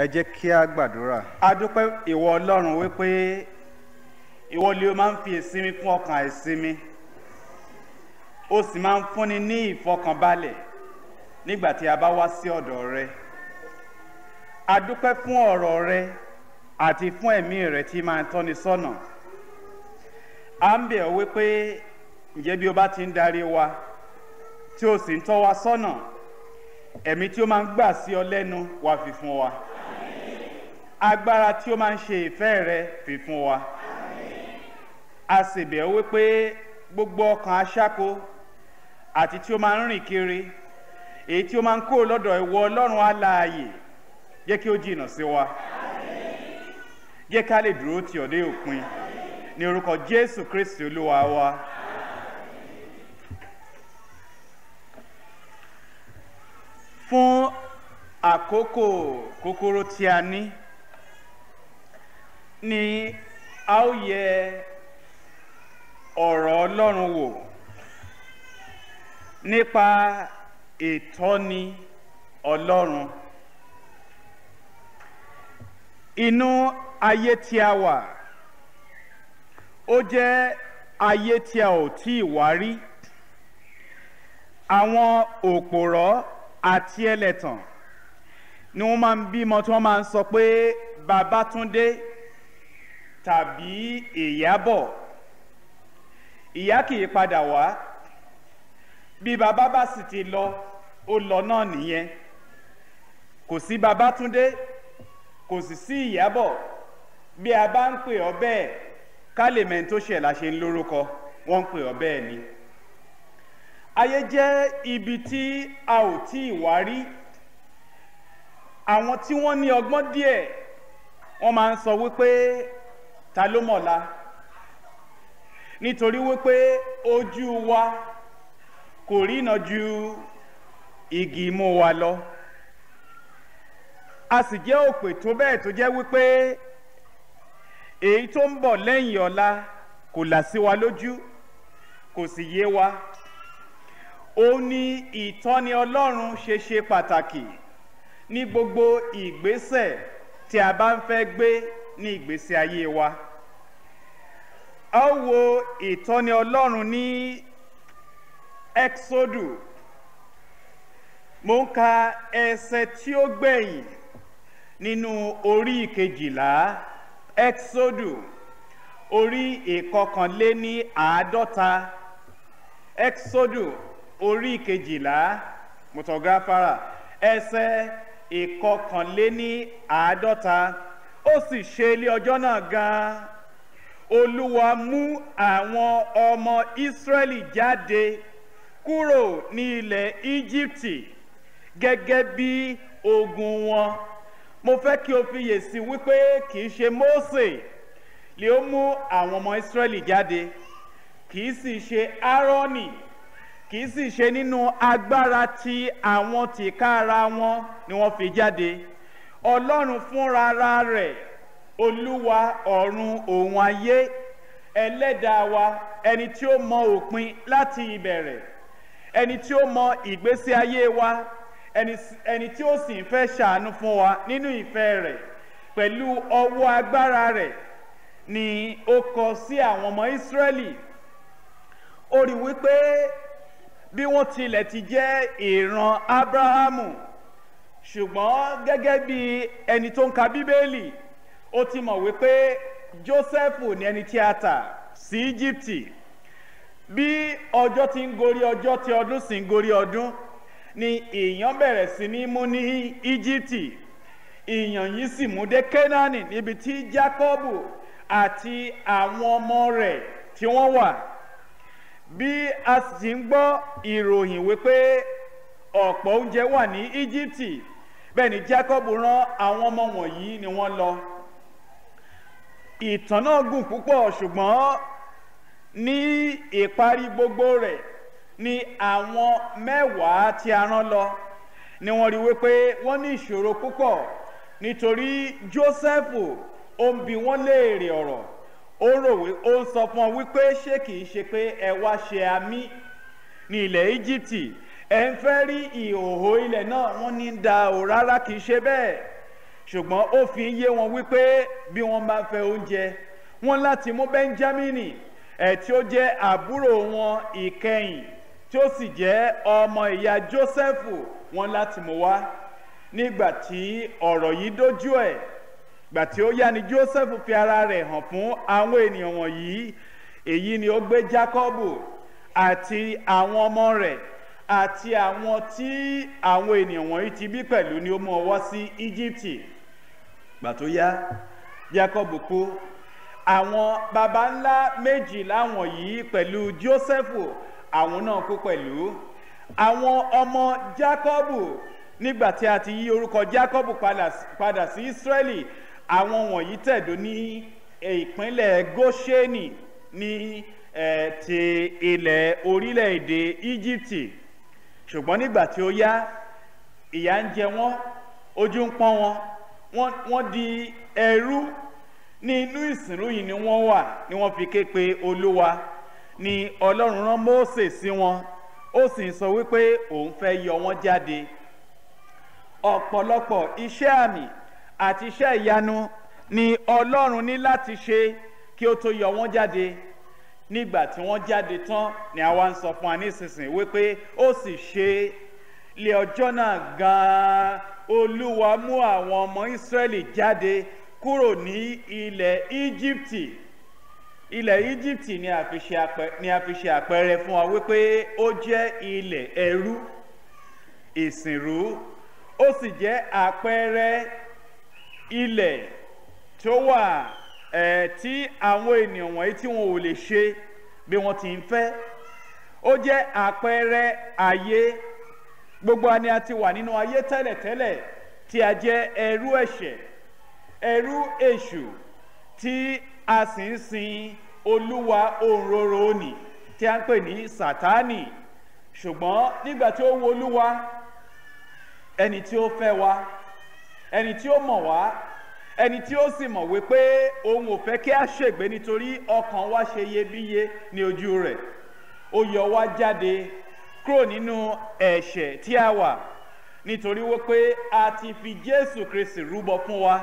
ẹ jẹ́ kí a gbàdúrà. a dúpẹ́ ìwọ ọlọ́run wípé ìwọ lè o máa ń fi ìsinmi kún ọkàn àìsinmi o sì máa ń fúnni ní ìfọkànbalẹ̀ nígbà tí a bá wá sí ọ̀dọ̀ rẹ a fún ọ̀rọ̀ rẹ àti fún ẹ̀mí rẹ tí máa tọ́ni sọ́nà à ń bẹ̀ ọ́ wípé ǹjẹ́ bí o bá ti ń darí wa tí o sì ń tọ́ wa sọ́nà ẹ̀mí tí o máa ń gbà sí ọ lẹ́nu wà fi fún wa agbára tí ó máa ń ṣe ìfẹ́ rẹ fi fún wa a sì bẹ̀ ọ́ wípé gbogbo ọkàn aṣáko àti tí ó máa ń rìn kiri èyí tí ó máa ń kó lọ́dọ̀ ìwọ ọlọ́run alààyè jẹ́ kí ó jìnnà sí wa jẹ́ ká lè dúró tì ọ́ dé òpin ní orúkọ jésù kristi olúwa wa. fún àkókò kúkúrú tí a ní ni a ó yẹ ọ̀rọ̀ Ọlọ́run wò nípa ìtọ́ni Ọlọ́run inú ayé tí a wà ó jẹ́ ayé tí a ò tí ì wá rí àwọn òpòrọ́ àti ẹlẹ́tàn ni wọ́n máa ń bímọ tí wọ́n máa ń sọ pé Babátúndé tàbí ìyábọ̀ ìyá kì í padà wá bí bàbá bá sì ti lọ ó lọ náà nìyẹn kò sí Babátúndé kò sì sí ìyábọ̀ bí a bá ń pè ọ bẹ́ẹ̀ ká tó ṣẹ̀ la ṣe ń lórúkọ wọ́n ń pè ọ bẹ́ẹ̀ ni ayé jẹ́ ibi tí a ò tí ì wá rí àwọn tí wọ́n ní ọgbọ́n díẹ̀ wọ́n máa ń sọ wípé ta ló mọ̀la nítorí wípé ojú wa kò rína ju igi imú wa lọ a sì jẹ́ òpè tó bẹ́ẹ̀ tó jẹ́ wípé èyí tó ń bọ̀ lẹ́yìn ọ̀la kò là sí wa lójú kò sì yé wa ó ní ìtọ́ni ọlọ́run ṣe ṣe pàtàkì ní gbogbo ìgbésẹ̀ tí a bá ń fẹ́ gbé ní ìgbésí ayé wa a ó wo ìtọ́ni ọlọ́run ní exodu mo ń ka ẹsẹ̀ tí ó gbẹ̀yìn nínú orí ìkejìlá exodu orí ìkọkànléní àádọ́ta exodu orí ìkejìlá mọ̀tọ́gáfárà ẹsẹ̀ ìkọkànléní àádọ́ta ó sì ṣe ilé ọjọ́ náà gan-an olúwa mú àwọn ọmọ ìsírẹ́lì jáde kúrò ní ilẹ̀ íjíbítì gẹ́gẹ́ bí ogun wọn mo fẹ́ kí o fiyè sí wípé kì í ṣe Mósè lè ó mú àwọn ọmọ ìsírẹ́lì jáde kì í sì ṣe Áárónì kì í sì ṣe nínú agbára ti àwọn tìkára wọn ni wọ́n fi jáde ọlọ́run fúnra ara rẹ̀ olúwa ọ̀run òun ayé ẹlẹ́dàá wa ẹni tí ó mọ òpin láti ìbẹ̀rẹ̀ ẹni tí ó mọ ìgbésí ayé wa ẹni tí ó sì ń fẹ́ ṣàánú fún wa nínú ìfẹ́ rẹ̀ pẹ̀lú ọwọ́ agbára rẹ̀ ni ó kọ sí àwọn ọmọ Ísírẹ́lì ó rí wípé bí wọ́n tilẹ̀ ti jẹ́ ìran Abrahamu ṣùgbọ́n gẹ́gẹ́ bí ẹni tó ń ka bíbélì ó ti mọ̀ wípé Jósẹ́fù ní ẹni tí a tà sí Íjíbítì bí ọjọ́ ti ń gorí ọjọ́ tí ọdún sì ń gorí ọdún ni ìyàn bẹ̀rẹ̀ sí ní mú ní Íjíbítì ìyàn yìí sì mú dé Kénáánì níbi tí Jákọ́bù àti àwọn ọmọ rẹ̀ tí wọ́n wà bí a sì ń gbọ́ ìròyìn wípé ọ̀pọ̀ oúnjẹ wà ní Íjíbítì bẹ́ẹ̀ ni Jacob rán àwọn ọmọ wọ̀nyí ni wọ́n lọ ìtàn náà gùn púpọ̀ ṣùgbọ́n ní ìparí gbogbo rẹ̀ ni àwọn mẹ́wàá tí a rán lọ ni wọ́n rí wípé wọ́n ní ìṣòro púpọ̀ nítorí Joseph ó ń bi wọ́n léèrè ọ̀rọ̀ ó rò wí ó ń sọ fún wọn wípé ṣé kìí ṣe pé ẹ wá ṣe àmì ní ilẹ̀ Íjíbítì ẹ ń fẹ́ rí ìhòòhò ilẹ̀ náà wọ́n ní da ò rárá kì í ṣe bẹ́ẹ̀ ṣùgbọ́n ó fi yé wọn wípé bí wọ́n bá fẹ́ oúnjẹ wọ́n láti mú Bẹ́ńjámínì ẹ̀ tí ó jẹ́ àbúrò wọn ìkẹyìn tí ó sì jẹ́ ọmọ ìyá Jósẹ́fù wọ́n láti mú wá nígbà tí ọ̀rọ̀ yìí dójú ẹ̀ gbà tí ó yá ni Jósẹ́fù fi ara rẹ̀ hàn fún àwọn ènìyàn wọ̀nyí èyí ni ó gbé Jákọ́bù àti àwọn ọmọ rẹ̀ àti àwọn tí àwọn ènìyàn wọ̀nyí ti bí pẹ̀lú ni ó mú ọwọ́ sí íjíbítì gbà tó yá jacob kú àwọn baba ńlá méjì láwọn yìí pẹ̀lú jósẹ́fù àwọn náà kú pẹ̀lú àwọn ọmọ jacob nígbà tí a ti yí orúkọ jacob padà sí israeli àwọn wọ̀nyí tẹ̀dó ní ìpínlẹ̀ gosheni ní ẹ̀ ti ilẹ̀ orílẹ̀-èdè íjíbítì ṣùgbọ́n nígbà tí ó yá ìyà ń jẹ wọ́n ojú ń pọ́n wọn wọ́n di ẹrú ní inú ìsìnrú yìí ni wọ́n wà ni wọ́n fi ké pe olúwa ni ọlọ́run rán Mósè sí wọn ó sì ń sọ wípé òun fẹ́ yọ wọ́n jáde ọ̀pọ̀lọpọ̀ iṣẹ́ àmì àti iṣẹ́ ìyanu ni ọlọ́run ní láti ṣe kí ó tó yọ wọ́n jáde nígbà tí wọ́n jáde tán ni àwa ń sọ fún wa nísinsìnyí wípé ó sì ṣe lé ọjọ́ náà gan-an olúwa mú àwọn ọmọ ìsírẹ́lì jáde kúrò ní ilẹ̀ íjíbítì ilẹ̀ íjíbítì ni a fi ṣe àpẹẹrẹ fún wa wípé ó jẹ́ ilẹ̀ ẹrú ìsìnrú ó sì jẹ́ àpẹẹrẹ ilẹ̀ tó wà ẹ àwọn ènìyàn wọ̀nyí tí wọn ò lè ṣe bí wọ́n ti ń fẹ́ ó jẹ́ àpẹẹrẹ ayé gbogbo àni a ti wà nínú ayé tẹ́lẹ̀tẹ́lẹ̀ tí a jẹ́ ẹrú ẹ̀ṣẹ̀ ẹrú èṣù tí a sì ń sin olúwa òǹrorò òní tí a ń pè ní sátánì ṣùgbọ́n nígbà tí ó wo olúwa ẹni tí ó fẹ́ wa ẹni tí ó mọ̀ wá ẹni tí ó sì mọ̀ wípé òun ò fẹ́ kí a ṣègbé nítorí ọkàn wa ṣe iyebíye ní ojú rẹ̀ ó yọ wá jáde kúrò nínú ẹ̀ṣẹ̀ tí a wà nítorí wípé a ti fi Jésù Kristi rúbọ fún wa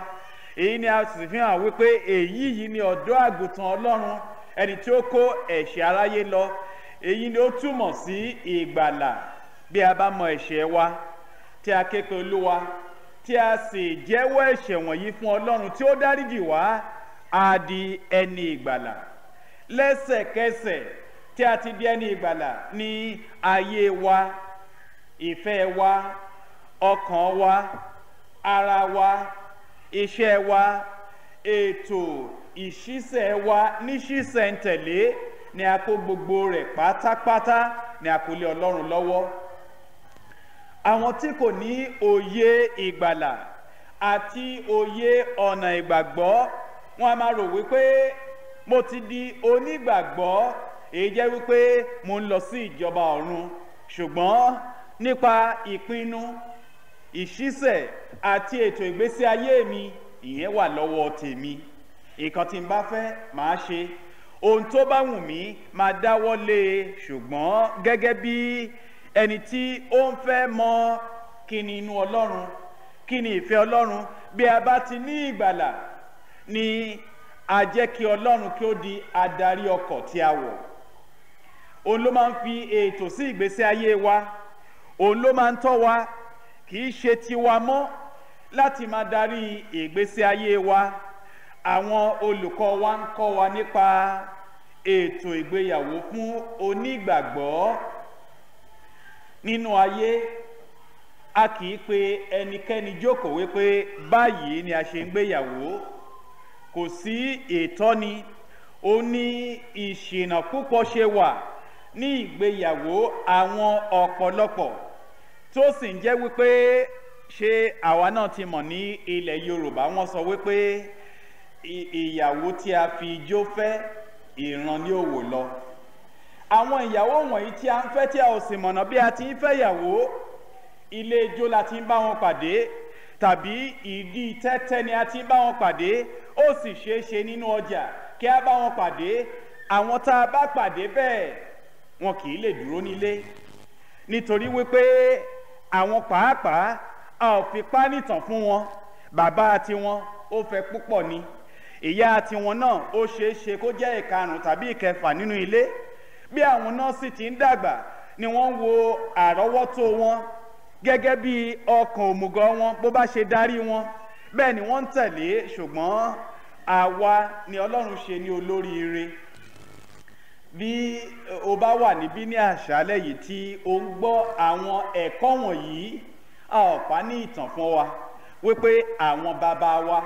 èyí ni a sì fi hàn wípé èyí yìí ni ọ̀dọ́ àgùntàn Ọlọ́run ẹni tí ó kó ẹ̀ṣẹ̀ aráyé lọ èyí ni ó túmọ̀ sí ìgbàlà bí a bá mọ ẹ̀ṣẹ̀ wa tí a ké Olúwa tí a sì jẹ́wọ́ ẹ̀ṣẹ̀ wọ̀nyí fún ọlọ́run tí ó dáríjì wá a di ẹni ìgbàlà lẹ́sẹ̀kẹsẹ̀ tí a ti di ẹni ìgbàlà ní ayé wa ìfẹ́ wa ọkàn wa ara wa iṣẹ́ wa ètò ìṣiṣẹ́ wa níṣiṣẹ́ ń tẹ̀lé ni a kó gbogbo rẹ̀ pátápátá ni a kó lé ọlọ́run lọ́wọ́ àwọn tí kò ní òye ìgbàlà àti òye ọ̀nà ìgbàgbọ́ wọn a máa rò wípé mo ti di onígbàgbọ́ èyí jẹ́ wípé mo ń lọ sí ìjọba ọ̀run ṣùgbọ́n nípa ìpinnu ìṣísẹ̀ àti ètò ìgbésí ayé mi ìyẹn wà lọ́wọ́ tèmi nǹkan tí n bá fẹ́ màá ṣe ohun tó bá wù mí máa dáwọ́ lé e. ṣùgbọ́n gẹ́gẹ́ bí ẹni tí ó ń fẹ́ mọ kí ni inú ọlọ́run kí ni ìfẹ́ ọlọ́run bí a bá ti ní ìgbàlà ni a jẹ́ kí ọlọ́run kí ó di adarí ọkọ̀ tí a wọ̀ òun ló máa ń fi ètò sí ìgbésí ayé wa òun ló máa ń tọ́ wa kì í ṣe tiwa mọ́ láti máa darí ìgbésí ayé wa àwọn olùkọ́ wa ń kọ́ wa nípa ètò ìgbéyàwó fún onígbàgbọ́ nínú ayé a kì í pe ẹnikẹ́ni jókòó wípé báyìí ni a ṣe ń gbéyàwó kò sí ìtọ́ni ó ní ìṣìnà púpọ̀ ṣe wà ní ìgbéyàwó àwọn ọ̀pọ̀lọpọ̀ tó sì ń jẹ́ wípé ṣé àwa náà ti mọ̀ ní ilẹ̀ Yorùbá wọ́n sọ wípé ìyàwó tí a fi ijó fẹ́ ìran ni ó wò lọ àwọn ìyàwó wọ̀nyí tí a ń fẹ́ tí a ò sì mọ̀nà bí a ti ń fẹ́ ìyàwó ilé ijó la ti ń bá wọn pàdé tàbí ìdí tẹ́tẹ́ ni a ti ń bá wọn pàdé ó sì ṣeé ṣe nínú ọjà kí a bá wọn pàdé àwọn tá a bá pàdé bẹ́ẹ̀ wọn kì í lè dúró nílé nítorí wípé àwọn pàápàá a ò fi pánìtàn fún wọn bàbá tiwọn ó fẹ́ púpọ̀ ni ìyá tiwọn náà ó ṣeé ṣe kó jẹ́ ìkarùn tàbí ìkẹfà nínú ilé. E bí àwọn nọ́ọ̀sì ti ń dàgbà ni wọ́n ń wo àrọ́wọ́tó wọn gẹ́gẹ́ bí ọkàn òmùgọ̀ wọn bó bá ṣe darí wọn bẹ́ẹ̀ ni wọ́n ń tẹ̀lé ṣùgbọ́n àwa ni ọlọ́run ṣe ní olóríire bí o bá wà níbí ní àṣálẹ́ yìí tí o ń gbọ́ àwọn ẹ̀kọ́ wọ̀nyí a ò pa ní ìtàn fún wa wípé àwọn bàbá wa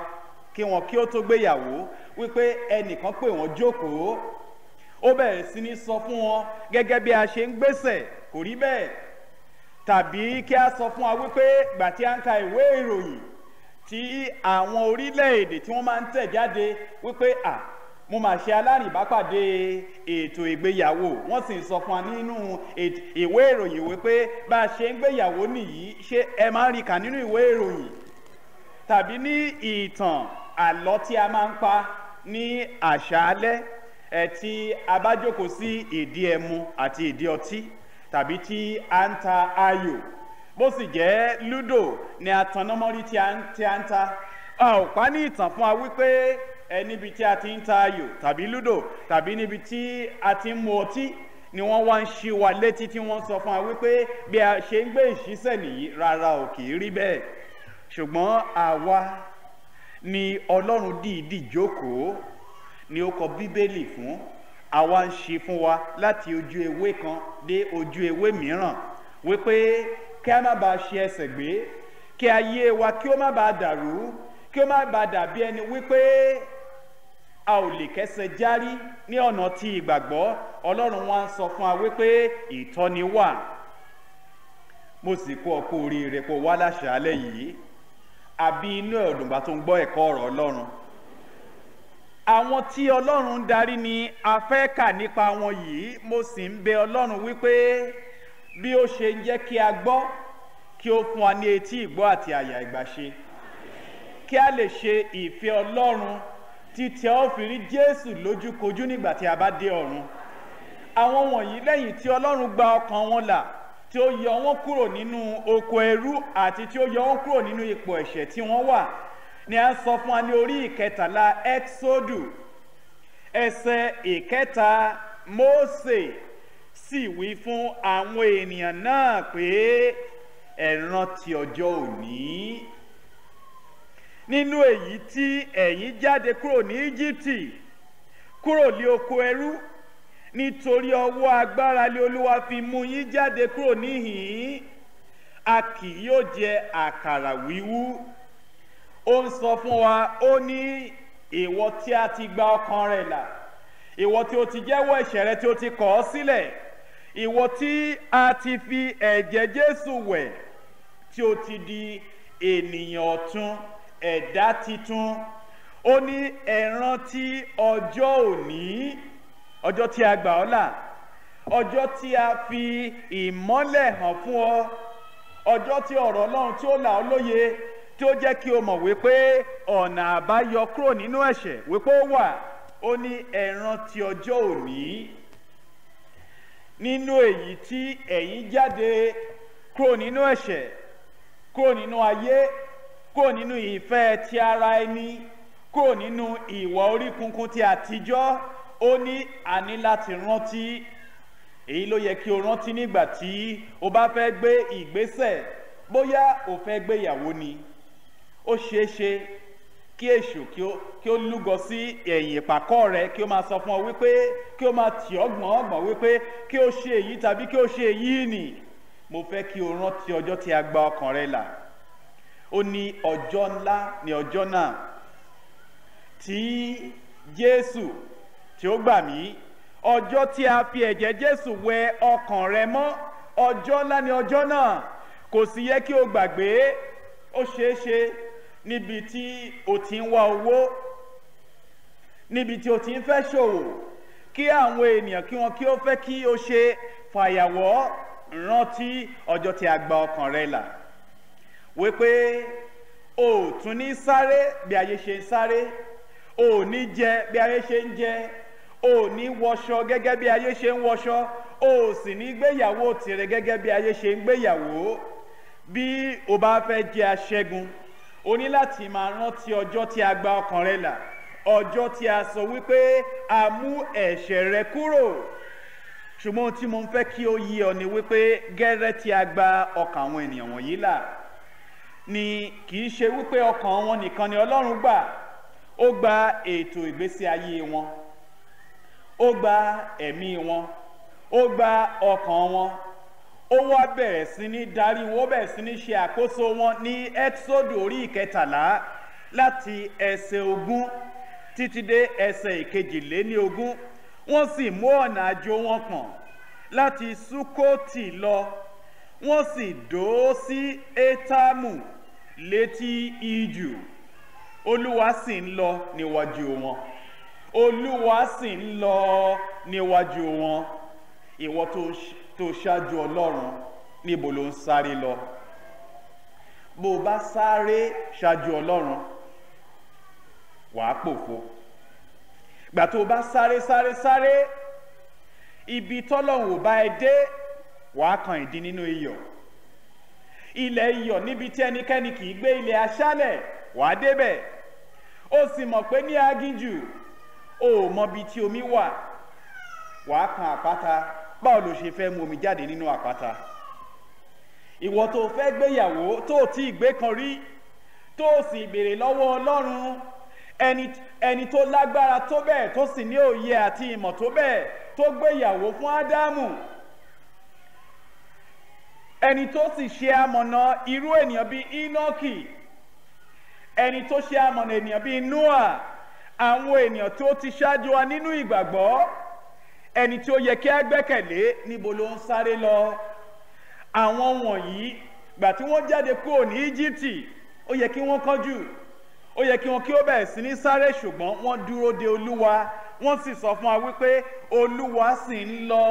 kí wọn kí ó tó gbéyàwó wípé ẹnìkan pè wọ́n jókòó ó bẹ̀rẹ̀ sí ní sọ fún wọn gẹ́gẹ́ bí a ṣe ń gbèsè kò rí bẹ́ẹ̀ tàbí kí a sọ fún wa wípé gbà tí a ń ka ìwé ìròyìn tí àwọn orílẹ̀-èdè tí wọ́n máa ń tẹ̀ jáde wípé à mo mà ṣe alárìnbápàdé ètò ìgbéyàwó wọ́n sì ń sọ fún wa nínú ìwé ìròyìn wípé bá a ṣe ń gbéyàwó nìyí ṣé ẹ máa ń rí kà nínú ìwé ìròyìn tàbí ní ìtàn àlọ́ tí a máa ń pa ní àṣálẹ́ ẹ tí a bá jókòó sí ìdí ẹmu àti ìdí ọtí tàbí tí a ń ta ayò bó sì jẹ́ ludo ni a tan nọ́mọ́rí tí a ń ta a ní ìtàn fún wa wípé ẹ níbi tí a ti ń ta ayò tàbí ludo tàbí níbi tí a ti ń mu ọtí ni wọ́n wá ń ṣí wa létí tí wọ́n sọ fún wa wípé bí a ṣe ń gbé ìṣísẹ̀ nìyí rárá ò kì í rí bẹ́ẹ̀ ṣùgbọ́n àwa ni ọlọ́run dìídì jókòó ni ó kọ bíbélì fún àwa ń ṣe fún wa láti ojú ewé kan dé ojú ewé mìíràn wípé kí a má bàa ṣe ẹsẹ̀ gbé kí ayé wa kí ó má bàa dàrú kí ó má bàa dàbí ẹni wípé a ò lè kẹsẹ̀ járí ní ọ̀nà tí ìgbàgbọ́ ọlọ́run wa ń sọ fún wa wípé ìtọ́ni wà mo sì kó ọkọ oríire kó wá láṣà alẹ́ yìí àbí inú ẹ̀ ọ̀dùnbà tó ń gbọ́ ẹ̀kọ́ ọ̀rọ̀ ọlọ́run àwọn tí ọlọ́run darí ni a fẹ́ kà nípa wọn yìí mo sì ń bẹ ọlọ́run wípé bí ó ṣe ń jẹ́ kí a gbọ́ kí ó fún wa ní etí ìgbọ́ àti àyà ìgbàṣe kí a lè ṣe ìfẹ́ ọlọ́run títí a jésù lójúkojú nígbà tí a bá dé ọ̀run àwọn wọ̀nyí lẹ́yìn tí ọlọ́run gba ọkàn wọn là tí ó yọ wọn kúrò nínú oko ẹrú àti tí ó yọ wọn kúrò nínú ipò ẹ̀ṣẹ̀ tí wọ́n wà ni a ń sọ fún wa ní orí ìkẹtàlá exodu ẹsẹ ìkẹta Mósè sì wí fún àwọn ènìyàn náà pé ẹ rántí ọjọ́ òní nínú èyí tí ẹ̀yin jáde kúrò ní Íjíbítì kúrò lé oko ẹrú nítorí ọwọ́ agbára lé Olúwa fi mú yín jáde kúrò níhìn-ín a kì yóò jẹ àkàrà wíwú ó ń sọ fún wa ó ní ìwọ tí a ti gba ọkàn rẹ̀ là ìwọ tí o ti jẹ́wọ́ ẹ̀ṣẹ̀ rẹ tí o ti kọ̀ ọ́ sílẹ̀ ìwọ tí a ti fi ẹ̀jẹ̀ Jésù wẹ̀ tí o ti di ènìyàn ọ̀tun ẹ̀dá titun ó ní ẹ rántí ọjọ́ òní ọjọ́ tí a gbà ọ́ là ọjọ́ tí a fi ìmọ́lẹ̀ hàn fún ọ ọjọ́ tí ọ̀rọ̀ Ọlọ́run tí ó là ọ́ lóye tí ó jẹ́ kí o mọ̀ wípé ọ̀nà àbáyọ kúrò nínú ẹ̀ṣẹ̀ wípé ó wà ó ní ẹ rántí ọjọ́ òní nínú èyí tí ẹ̀yin jáde kúrò nínú ẹ̀ṣẹ̀ kúrò nínú ayé kúrò nínú ìfẹ́ ti ara ẹni kúrò nínú ìwà orí kunkun ti àtijọ́ ó ní àní láti rántí èyí ló yẹ kí o rántí nígbà tí o bá fẹ́ gbé ìgbésẹ̀ bóyá o fẹ́ gbéyàwó ni ó ṣeé ṣe kí èṣù kí ó lúgọ sí ẹ̀yìn ìpàkọ́ rẹ kí ó máa sọ fún ọ wípé kí ó máa tì ọ́ gbọ̀n ọ̀gbọ̀n wípé kí ó ṣe èyí tàbí kí ó ṣe èyí nì mo fẹ́ kí o rántí ọjọ́ tí a gba ọkàn rẹ là ó ní ọjọ́ ńlá ní ọjọ́ náà tí Jésù tí ó gbà mí ọjọ́ tí a fi ẹ̀jẹ̀ Jésù wẹ ọkàn rẹ mọ́ ọjọ́ ńlá ní ọjọ́ náà kò sì yẹ kí o gbàgbé ó ṣeé níbi tí o ti ń wá owó níbi tí o ti ń fẹ́ ṣòwò kí àwọn ènìyàn kí wọn kí ó fẹ́ kí o ṣe fàyàwọ́ rántí ọjọ́ tí a gba ọkàn rẹ là wípé o tún ní sáré bí ayé ṣe ń sáré o ní jẹ bí ayé ṣe ń jẹ o ní wọṣọ gẹ́gẹ́ bí ayé ṣe ń wọṣọ o sì ní gbéyàwó tirẹ̀ gẹ́gẹ́ bí ayé ṣe ń gbéyàwó bí o bá fẹ́ jẹ aṣẹ́gun o ní láti máa rántí ọjọ́ tí a gba ọkàn rẹ là ọjọ́ tí a sọ wípé a mú ẹ̀ṣẹ̀ rẹ kúrò ṣùgbọ́n tí mo fẹ́ kí ó yé ọ ni wípé gẹ́rẹ́ tí a gba ọkàn àwọn ènìyàn wọ̀nyí là ni kì í ṣe wípé ọkàn wọn nìkan ni Ọlọ́run gbà ó gba ètò ìgbésí ayé wọn ó gba ẹ̀mí wọn ó gba ọkàn wọn ó wá bẹ̀rẹ̀ sí ní darí wọn ó bẹ̀rẹ̀ sí ní ṣe àkóso wọn ní ẹ́tísódù orí ìkẹtàlá láti ẹsẹ̀ ogún títí dé ẹsẹ̀ ìkejìléní ogún wọ́n sì mú ọ̀nà àjò wọn kàn láti sukoti lọ wọ́n sì dó sí etamu létí ijù olúwa sì ń lọ níwájú wọn olúwa sì ń lọ níwájú wọn ìwọ tó tó ṣáájú ọlọ́run níbo ló ń sáré lọ bó o bá sáré ṣáájú ọlọ́run wàá pòfo gbà tó o bá sáré sáré sáré ibi tọ́lọ́run ò bá ẹ dé wàá kan ìdí nínú iyọ̀ ilẹ̀ iyọ̀ níbi tí ẹnikẹ́ni kì í gbé ilẹ̀ aṣálẹ̀ wàá débẹ̀ ó sì mọ̀ pé ní aginjù o ò mọbi tí omi wà wàá kan àpáta báwo ló ṣe fẹ́ mu omi jáde nínú àpáta ìwọ tó fẹ́ gbéyàwó tó ti gbé kan rí tó sì béèrè lọ́wọ́ ọlọ́run ẹni ẹni tó lágbára tó bẹ́ẹ̀ tó sì ní òye àti ìmọ̀ tó bẹ́ẹ̀ tó gbéyàwó fún ádámù ẹni tó sì ṣe amọ̀nà irú ènìyàn bíi ínọ́kì ẹni tó ṣe amọ̀nà ènìyàn bíi noah àwọn ènìyàn tó ti ṣáájú wa nínú ìgbàgbọ́ ẹni tí ó yẹ kí a gbẹ́kẹ̀lé níbo ló ń sáré lọ àwọn wọ̀nyí gbà tí wọ́n jáde kúrò ní Íjíbítì ó yẹ kí wọ́n kọjú ó yẹ kí wọ́n kí ó bẹ̀rẹ̀ sí ní sáré ṣùgbọ́n wọ́n dúró de Olúwa wọ́n sì sọ fún wa wípé Olúwa sì ń lọ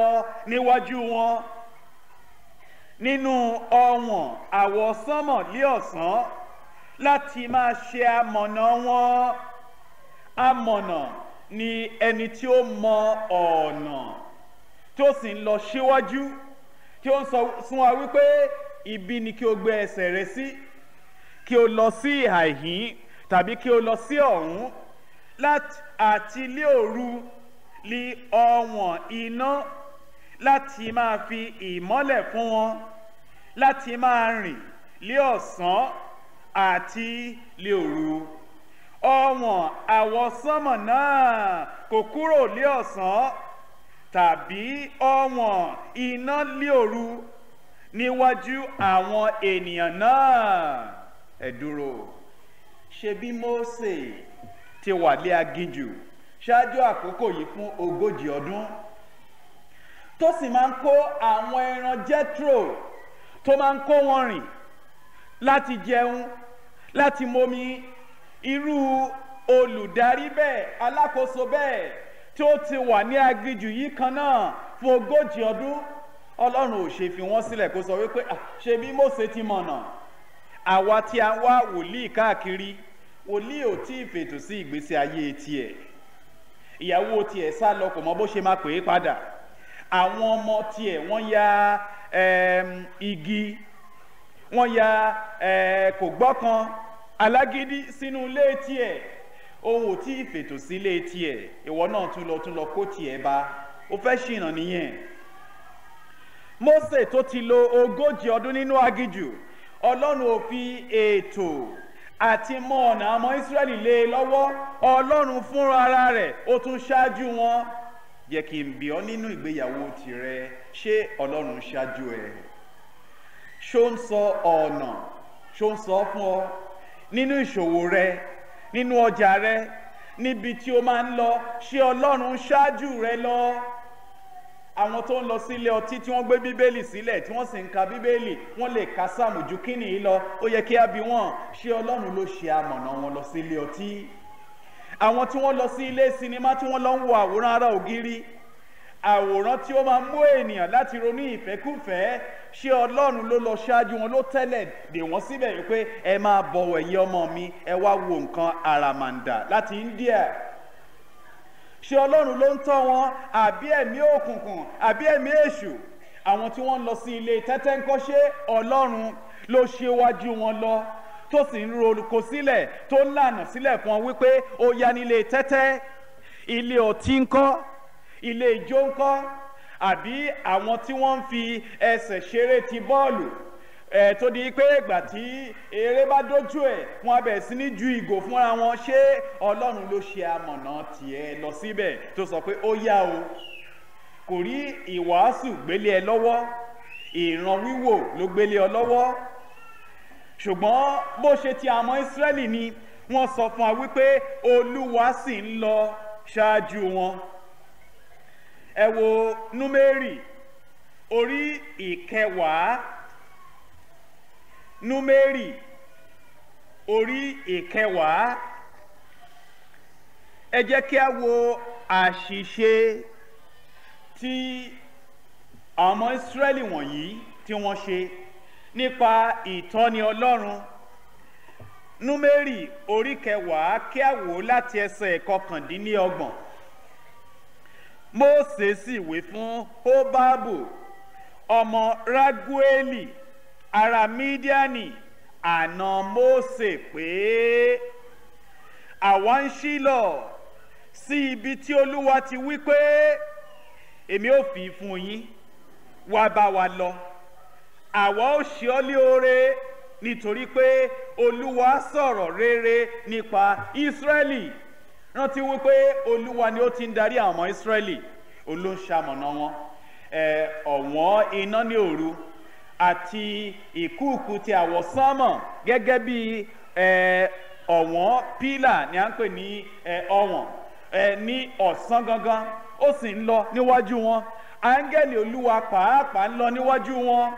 níwájú wọn nínú ọ̀wọ̀n àwọ̀sánmọ̀ lé ọ̀sán láti máa ṣe amọ̀nà wọn amọ̀nà ni ẹni tí ó mọ ọ̀nà tí ó sì ń lọ síwájú tí ó ń sọ fún wa wípé ibi ni kí o gbé ẹsẹ̀ rẹ sí kí o lọ sí ìhà ìhín tàbí kí o lọ sí ọ̀hún àti ilé òru li ọ̀wọ̀n iná láti máa fi ìmọ́lẹ̀ fún wọn láti máa rìn lé ọ̀sán àti lé òru ọ̀wọ̀n àwọ̀sánmọ̀ náà kò kúrò lé ọ̀sán tàbí ọ̀wọ̀n iná lé òru níwájú àwọn ènìyàn náà ẹ dúró ṣebí Mósè ti wà lé aginjù ṣáájú àkókò yìí fún ogójì ọdún tó sì máa ń kó àwọn ẹran jethro tó máa ń kó wọn rìn láti jẹun láti momi irú olùdarí bẹ́ẹ̀ alákòóso bẹ́ẹ̀ tí ó ti wà ní aginjù yìí kan náà fún ogójì ọdún ọlọ́run ò ṣe fi wọ́n sílẹ̀ kó sọ wípé ṣe bí Mósè ti mọ̀nà àwa tí a wá wòlíì káàkiri wòlíì ò tí ì fètò sí ìgbésí ayé tiẹ̀ ìyàwó tiẹ̀ sá lọ kò mọ bó ṣe máa pè é padà àwọn ọmọ tiẹ̀ wọ́n ya igi wọ́n ya kò gbọ́ kan alágídí sínú ilé tiẹ̀ òun ò tí ì fètò sí ilé tiẹ̀ ìwọ náà tún lọ tún lọ kó tiẹ̀ bá ó fẹ́ ṣìnà nìyẹn Mósè tó ti lo ogójì ọdún nínú agíjù ọlọ́run ò fi ètò àti mọ ọ̀nà àmọ́ Ísírẹ́lì lé e lọ́wọ́ ọlọ́run fúnra rẹ̀ ó tún ṣáájú wọn yẹ kí n bi ọ́ nínú ìgbéyàwó tìrẹ ṣé ọlọ́run ṣáájú ẹ ṣó ń sọ ọ̀nà ṣó ń sọ fún ọ nínú ìṣòwò rẹ nínú ọjà rẹ níbi tí o máa ń lọ ṣé ọlọ́run ṣáájú rẹ lọ àwọn tó ń lọ sílé ọtí tí wọ́n gbé bíbélì sílẹ̀ tí wọ́n sì ń ka bíbélì wọ́n lè ka sáàmù ju kíni yìí lọ ó yẹ kí á bi wọ́n ṣé ọlọ́run ló ṣe amọ̀nà wọn lọ sílé ọtí àwọn tí wọ́n lọ sí ilé sinimá tí wọ́n lọ ń wo àwòrán ara ògiri àwòrán tí ó máa mú ènìyàn láti ronú ìfẹ́kúfẹ́ ṣé ọlọ́run ló lọ ṣáájú wọn ló tẹ́lẹ̀ dè wọ́n síbẹ̀ wípé ẹ máa bọ̀wọ̀ ẹ̀yin ọmọ mi ẹ wá wo nǹkan àràmàǹdà láti India ṣé ọlọ́run ló ń tọ́ wọn àbí ẹ̀mí òkùnkùn àbí ẹ̀mí èṣù àwọn tí wọ́n ń lọ sí ilé tẹ́tẹ́ńkọ́ṣe ọlọ́run ló ṣíwájú wọn lọ tó sì ń rolùkọ sílẹ̀ tó ń lànà sílẹ̀ fún wọn wípé ó yá nílé tẹ́tẹ́ ilé ọtí ńkọ́ ilé ijó ń kọ́ àbí àwọn tí wọ́n ń fi ẹsẹ̀ ṣeré ti bọ́ọ̀lù ẹ tó di pé ìgbà tí eré bá dójú ẹ wọn abẹ sí ní ju ìgò fúnra wọn ṣé Ọlọ́run ló ṣe amọ̀nà tiẹ̀ lọ síbẹ̀ tó sọ pé ó yá o kò rí ìwàásù gbélé ẹ lọ́wọ́ ìran wíwò ló gbélé ọ lọ́wọ́ ṣùgbọ́n bó ṣe ti àmọ́ Ísírẹ́lì ni wọ́n sọ fún wa wípé Olúwa sì ń lọ ṣáájú wọn ẹ wo númẹ́rì orí ìkẹwàá númẹ́rì orí ìkẹwàá ẹ jẹ́ kí a wo àṣìṣe tí àwọn ọmọ ìsírẹ́lì wọ̀nyí tí wọ́n ṣe nípa ìtọ́ni ọlọ́run númẹ́rì orí kẹwàá kí a wò láti ẹsẹ̀ kọkàndínlọ́gbọ̀n. Mósè sì wí fún Hóbábù ọmọ Rágúélì ará Mídíánì àna Mósè pé àwa ń ṣí lọ sí ibi tí Olúwa ti wí pé èmi ò fi fún yín wá bá wa lọ àwa ó ṣe ọ́ lé oore nítorí pé Olúwa sọ̀rọ̀ rere nípa Ísírẹ́lì rántí wípé olúwa ni ó ti ń darí àwọn ọmọ ìsírẹ́lì olóńṣàmọ̀nà wọn ọ̀wọ́n iná ní òru àti ìkúùkù ti àwọ̀sánmọ̀ gẹ́gẹ́ bí ọ̀wọ́n pílà ni à ń pè ní ọ̀wọ́n ní ọ̀sán gangan ó sì ń lọ níwájú wọn áńgẹ́lì olúwa pàápàá ń lọ níwájú wọn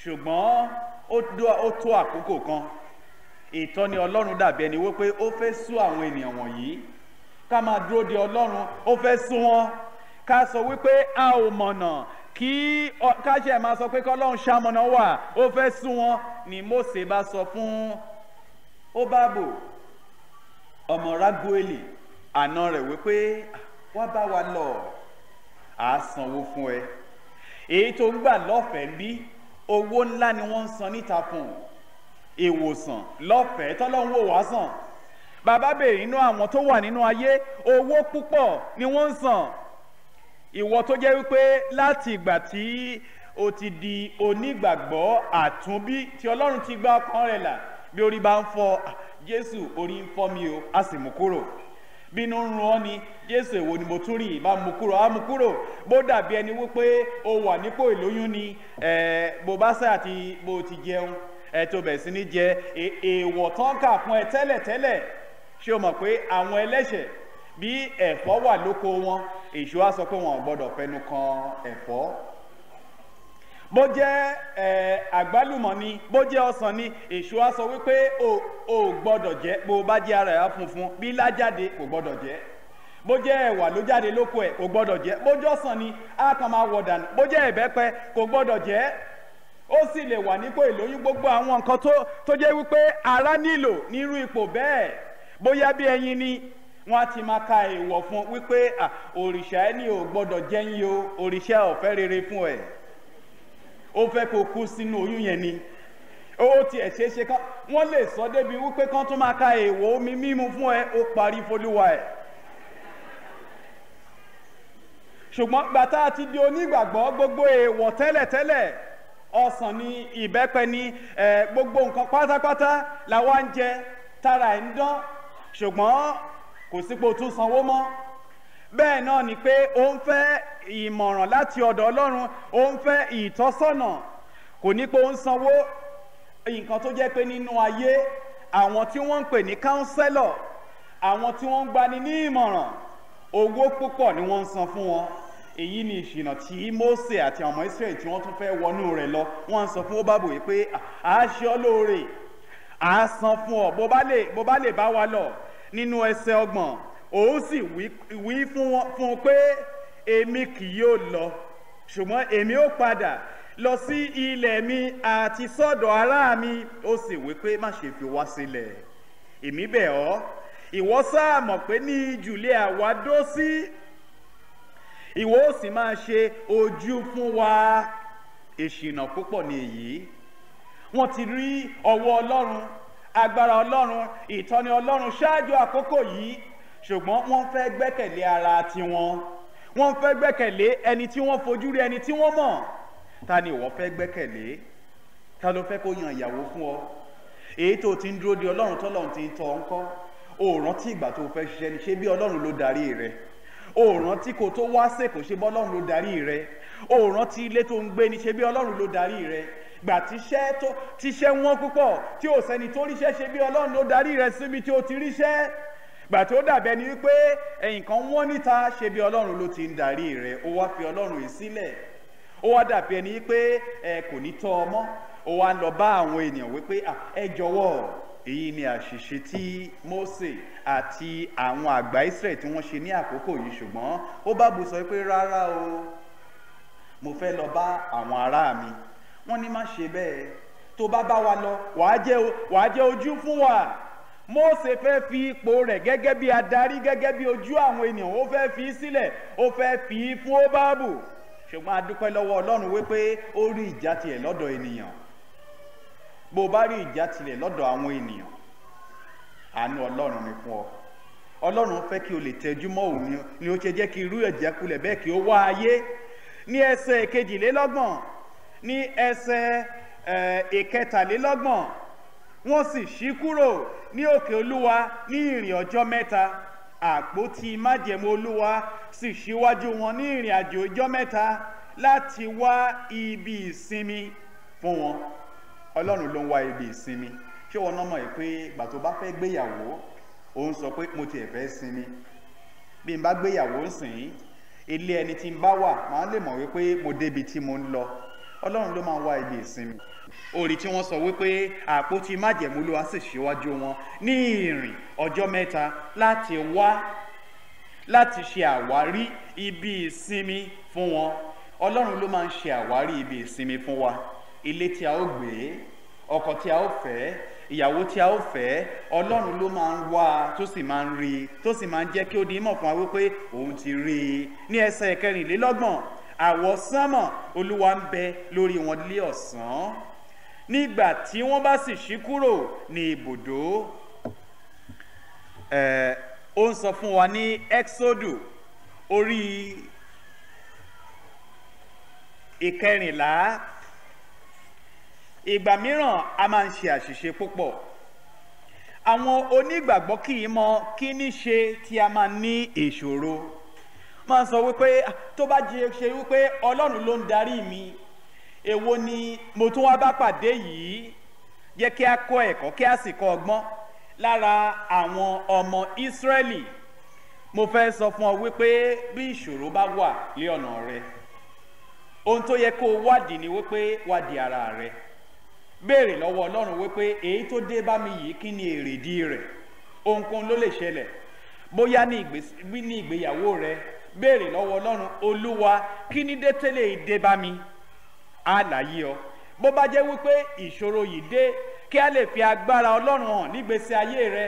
ṣùgbọ́n ó tó àkókò kan ìtọ́ni ọlọ́run dàbí ẹni wípé ó fẹ́ sú àwọn ènìyàn wọ̀nyí ká máa dúró de ọlọ́run ó fẹ́ sún wọn ká sọ wípé a ò mọ̀nà kí ká ṣe máa sọ pé kọ́lọ́run ṣamọ̀nà wà ó fẹ́ sún wọn ni Mósè bá sọ fún Óbàbò ọmọ Rágúélì àna rẹ̀ wípé wá bá wa lọ à á sanwó fún ẹ èyí tó ń gbà lọ́fẹ̀ẹ́ bí owó ńlá ni wọ́n ń san níta fún ìwòsàn lọ́fẹ̀ẹ́ tọ́lọ́run wò wá sàn bàbá bè inú àwọn tó wà nínú ayé owó púpọ̀ ni wọ́n ń san ìwọ tó jẹ́ wípé láti ìgbà tí o ti di onígbàgbọ́ àtúnbí tí ọlọ́run ti gbá ọkàn rẹ̀ là bí orí bá ń fọ ah, jésù orí ń fọ́ mi o a sì mú kúrò bínú ń run ọ́ ni jésù èwo ni mo tún rí ìbá mú kúrò á mú kúrò bó dàbí ẹni wípé o wà nípò ìlóyún ni bó bá sá àti bó ti jẹun ẹ tó bẹ̀ sí ní jẹ e, èèwọ̀ tán kà fún ẹ tẹ́lẹ̀tẹ́lẹ̀ ṣé o mọ̀ pé àwọn ẹlẹ́ṣẹ̀ bí ẹ̀fọ́ wà lóko wọn èṣù á sọ pé wọn ò gbọ́dọ̀ fẹnu kan ẹ̀fọ́ bó jẹ́ ẹ àgbálùmọ̀ ni bó jẹ́ ọsàn ni èṣù á sọ wípé o ò gbọ́dọ̀ jẹ bó o bá jẹ ara ẹ̀ funfun bí lájáde kò gbọ́dọ̀ jẹ bó jẹ́ ẹ̀wà ló jáde lóko ẹ̀ kò gbọ́dọ̀ jẹ bó jẹ́ ọsàn ni á kàn máa wọ̀ dànù bó jẹ́ ìbẹ́pẹ kò gbọ́dọ̀ jẹ ó sì lè wà nípò ìlóyún gbogbo àwọn nǹkan tó jẹ́ wípé ara nílò nírú ipò bẹ́ẹ̀ bóyá bí ẹyin ni wọ́n á ti máa ka èèwọ̀ fún wípé òrìṣà ẹni ò gbọ́dọ̀ jẹ́yìn o òrìṣà ò rere fún ẹ̀ ó fẹ́ kó kú sínú oyún yẹn ni ó tiẹ̀ ṣeé ṣe kán wọ́n lè sọ débi wípé kán tún máa ka èèwọ̀ omi mímu fún ẹ ó parí folúwa ẹ̀ ṣùgbọ́n gbàtà àti di onígbàgbọ́ gbogbo èèwọ̀ tẹ́lẹ̀tẹ́lẹ̀ ọsàn ni ìbẹ́pẹ ni gbogbo nǹkan pátápátá làwa ń jẹ tara ẹ̀ ń dán ṣùgbọ́n kò sípò tún sanwó mọ́ bẹ́ẹ̀ náà ni pé ó ń fẹ́ ìmọ̀ràn láti ọ̀dọ̀ Ọlọ́run ó ń fẹ́ ìtọ́sọ́nà kò ní pé ó ń sanwó nǹkan tó jẹ́ pé nínú ayé àwọn tí wọ́n ń pè ní káńsẹ́lọ̀ àwọn tí wọ́n ń gbani ní ìmọ̀ràn owó púpọ̀ ni wọ́n ń san fún wọn èyí ni ìṣìnà tí Mósè àti ọmọ Israẹli tí wọ́n tún fẹ́ wọnú rẹ̀ lọ wọ́n ń sọ fún ó bàbò yìí pé àá ṣe ọ lóore á san fún ọ bó bá lè bó bá lè bá wa lọ nínú ẹsẹ̀ ọgbọ̀n òun sì wí fún un pé èmi kì yóò lọ ṣùgbọ́n èmi ó padà lọ sí ilẹ̀ mi àti sọ́dọ̀ ará mi ó sì wí pé má ṣe fi wá sílẹ̀ èmi bẹ̀ ọ́ ìwọ sáà mọ̀ pé ní jùlẹ̀ àwa dó sí ìwọ ó sì máa ṣe ojú fún wa ìṣìnà púpọ̀ ni èyí wọ́n ti rí ọwọ́ ọlọ́run agbára ọlọ́run ìtọ́ni ọlọ́run ṣáájú àkókò yìí ṣùgbọ́n wọ́n fẹ́ gbẹ́kẹ̀lé ara tiwọn wọ́n fẹ́ gbẹ́kẹ̀lé ẹni tí wọ́n fojú rí ẹni tí wọ́n mọ̀ ta ni ìwọ fẹ́ gbẹ́kẹ̀lé ta ló fẹ́ kó yan ìyàwó fún ọ èyí tó ti ń dúró de ọlọ́run tọ́lọ́run ti ń tọ́ ọ ń kọ́ òòrán tí ìgbà tó fẹ́ ṣiṣẹ́ ni ṣé bí ọlọ́run ló darí rẹ òòrán tí kò tó wá sèkò ṣe bí ọlọ́run ló darí rẹ òòrán tí ilé tó ń gbé ni ṣe bí ọlọ́run ló darí rẹ gbà tíṣẹ́ tó tíṣẹ́ wọ́n púpọ̀ tí ò sẹ́ni tó ríṣẹ́ ṣe bí ọlọ́run ló darí rẹ síbi tí ó ti ríṣẹ́ gbà tó dàbẹ́ ni wípé ẹ̀yìn kan wọ́n níta ṣe bí ọlọ́run ló ti ń darí rẹ ó wá fi ọlọ́run yìí sílẹ̀ ó wá dàbí ẹni pé ẹ kò ní tọ́ ọmọ ó wá lọ bá àwọn ènìyàn wípé ẹ jọ̀wọ́ èyí ni àṣìṣe tí Mósè àti àwọn àgbà Israẹ̀ tí wọ́n ṣe ní àkókò yìí ṣùgbọ́n ó bá bù sọ pé rárá o mo fẹ́ lọ bá àwọn ará mi wọ́n ní má ṣe bẹ́ẹ̀ tó bá bá wa lọ wàá jẹ́ wàá jẹ́ ojú fún wa Mósè fẹ́ fi ipò rẹ̀ gẹ́gẹ́ bí adarí gẹ́gẹ́ bí ojú àwọn ènìyàn ó fẹ́ fi sílẹ̀ ó fẹ́ fi fún Óbáàbù ṣùgbọ́n a dúpẹ́ lọ́wọ́ Ọlọ́run wípé ó rí ìjà tirẹ̀ lọ́dọ̀ ènìyàn bó o bá rí ìjà tirẹ̀ lọ́dọ̀ àwọn ènìyàn àánú Ọlọ́run ni fún ọ Ọlọ́run fẹ́ kí o lè tẹjú mọ́ òun ni ó ṣe jẹ́ kí irú ẹ̀jẹ̀ kulẹ̀ bẹ́ẹ̀ kí ó wá ayé ní ẹsẹ̀ kejìlélọ́gbọ̀n ní ẹsẹ̀ ìkẹtàlélọ́gbọ̀n wọ́n sì ṣí kúrò ní òkè olúwa ní ìrìn ọjọ́ mẹ́ta àpótí májẹ̀mú olúwa sì ṣíwájú wọn ní ìrìn àjò ọjọ́ mẹ́ta láti wá ibi ìsinmi fún wọn ọlọ́run ló ń wá ibi ìsinmi ṣé wọn náà mọ̀ ẹ́ pé ìgbà tó bá fẹ́ gbéyàwó òun sọ pé mo tiẹ̀ fẹ́ sinmi bí n bá gbéyàwó ń sìn ilé ẹni tí n bá wà màá lè mọ̀ wípé mo débi tí mo ń lọ ọlọ́run ló máa wá ibi ìsinmi orí tí wọ́n sọ wípé àpótí májẹ̀mú ló wá sì ṣíwájú wọn ní ìrìn ọjọ́ mẹ́ta láti wá láti ṣe àwárí ibi ìsinmi fún wọn ọlọ́run ló máa ń ṣe àwárí ibi ìsinmi fún wa ilé tí a ó gbé ọkọ tí a ó fẹ́ ìyàwó tí a ó fẹ́ ọlọ́run ló máa ń wá tó sì máa ń rí tó sì máa ń jẹ́ kí ó di mọ̀ fún wa wípé òun ti rí i ní ẹsẹ̀ kẹrìnlélọ́gbọ̀n àwọsánmọ̀ olúwa ń bẹ lórí wọn lé ọ̀sán nígbà tí wọ́n bá sì ṣí kúrò ní ibùdó ó ń sọ fún wa ní exodus orí ìkẹrìnlá ìgbà mìíràn a máa ń ṣe àṣìṣe púpọ̀ àwọn onígbàgbọ́ kì í mọ kí ní ṣe tí a máa ní ìṣòro máa sọ wípé ah, tó bá jẹ ṣe wípé ọlọ́run ló ń darí mi èwo ni mo tún wá bá pàdé yìí yẹ kí a kọ́ ẹ̀kọ́ kí a sì kọ́ ọgbọ́n lára àwọn ọmọ Ísírẹ́lì mo fẹ́ sọ fún ọ wípé bí ìṣòro bá wà lé ọ̀nà rẹ ohun tó yẹ kó o wádìí ni wípé wádìí ara rẹ béèrè lọ́wọ́ ọlọ́run wípé èyí tó dé bá mi yìí kí ni èrèdí rẹ̀ ohunkóhun ló lè ṣẹlẹ̀ bóyá ní ìgbéyàwó rẹ béèrè lọ́wọ́ ọlọ́run olúwa kí ni dé tẹ́lẹ̀ bá mi àlàyé ọ bó bá jẹ́ wípé ìṣòro yìí dé kí a lè fi agbára ọlọ́run hàn nígbèsè ayé rẹ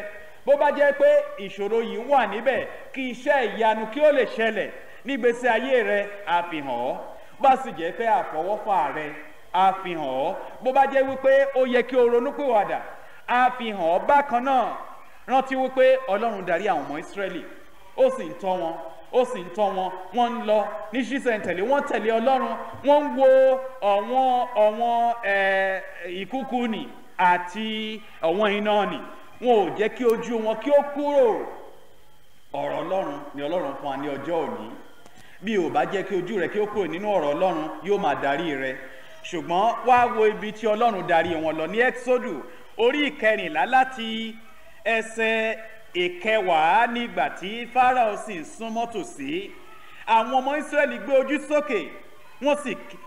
bó bá jẹ́ pé ìṣòro yìí wà níbẹ̀ kí iṣẹ́ ìyanu kí ó lè ṣẹlẹ̀ nígbèsè ayé rẹ àfihàn ọ́ bá sì jẹ́ pé àfọwọ́fà rẹ àfihàn ọ́ bó bá jẹ́ wípé ó yẹ kí o ronúpìwàdà àfihàn ọ́ bákan náà rántí wípé ọlọ́run darí àwọn ọmọ ìsírẹ́lì ó sì ń tọ́ wọn ó sì ń tọ́ wọn wọ́n ń lọ ní ṣísẹ̀ntẹ̀lé wọ́n tẹ̀lé ọlọ́run wọ́n ń wo ọ̀wọ́n ọ̀wọ́n ìkúkú nì àti ọ̀wọ́n iná nì wọn ò jẹ́ kí ojú wọn kí ó kúrò ọ̀rọ̀ ọlọ́run ni ọlọ́run fún wa ní ọjọ́ òní bí ò bá jẹ́ kí ojú rẹ kí ó kúrò nínú ọ̀rọ̀ ọlọ́run yóò máa darí rẹ ṣùgbọ́n wá wo ibi tí ọlọ́run darí wọn lọ ní exodus orí ìkẹrìnlá láti ẹsẹ̀ ìkẹwàá nígbà tí Fáráò sì ń súnmọ́ tòsí àwọn ọmọ Ísírẹ́lì gbé ojú sókè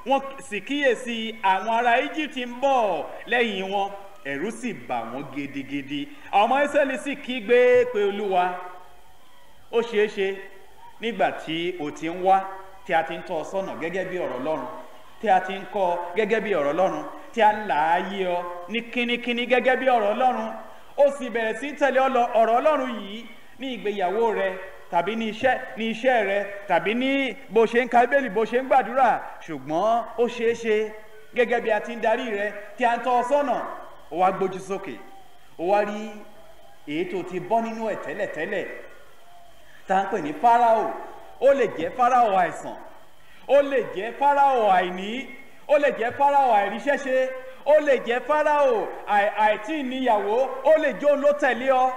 wọ́n sì kíyèsí àwọn ará Íjíbítì ń bọ̀ lẹ́yìn wọn ẹ̀rù sì bà wọ́n gidigidi àwọn ọmọ Ísírẹ́lì sì kígbe pé Olúwa ó ṣeé ṣe nígbà tí o ti ń wá tí a ti ń tọ́ ọ sọ́nà gẹ́gẹ́ bí ọ̀rọ̀ Ọlọ́run tí a ti ń kọ́ gẹ́gẹ́ bí ọ̀rọ̀ Ọlọ́run tí a ń là á yé ọ ní kínníkínní gẹ́gẹ́ bí ọ̀rọ̀ Ọlọ́run ó sì bẹ̀rẹ̀ sí tẹ̀lé ọ̀rọ̀ ọlọ́run yìí ní ìgbéyàwó rẹ tàbí ní iṣẹ́ ní iṣẹ́ rẹ tàbí ní bó ṣe ń ka bíbélì bó ṣe ń gbàdúrà ṣùgbọ́n ó ṣeé ṣe gẹ́gẹ́ bí a ti ń darí rẹ tí a ń tọ́ ọ sọ́nà ó wá gbójú sókè ó wá rí èyí tó ti bọ́ nínú ẹ̀ tẹ́lẹ̀tẹ́lẹ̀ tá à ń pè ní fáráò ó lè jẹ́ fáráò àìsàn ó lè jẹ́ fáráò àìní ó lè jẹ́ fáráò àìríṣẹ́ṣe ó lè jẹ́ fáráò àìtí níyàwó ó lè jó ló tẹ̀lé ọ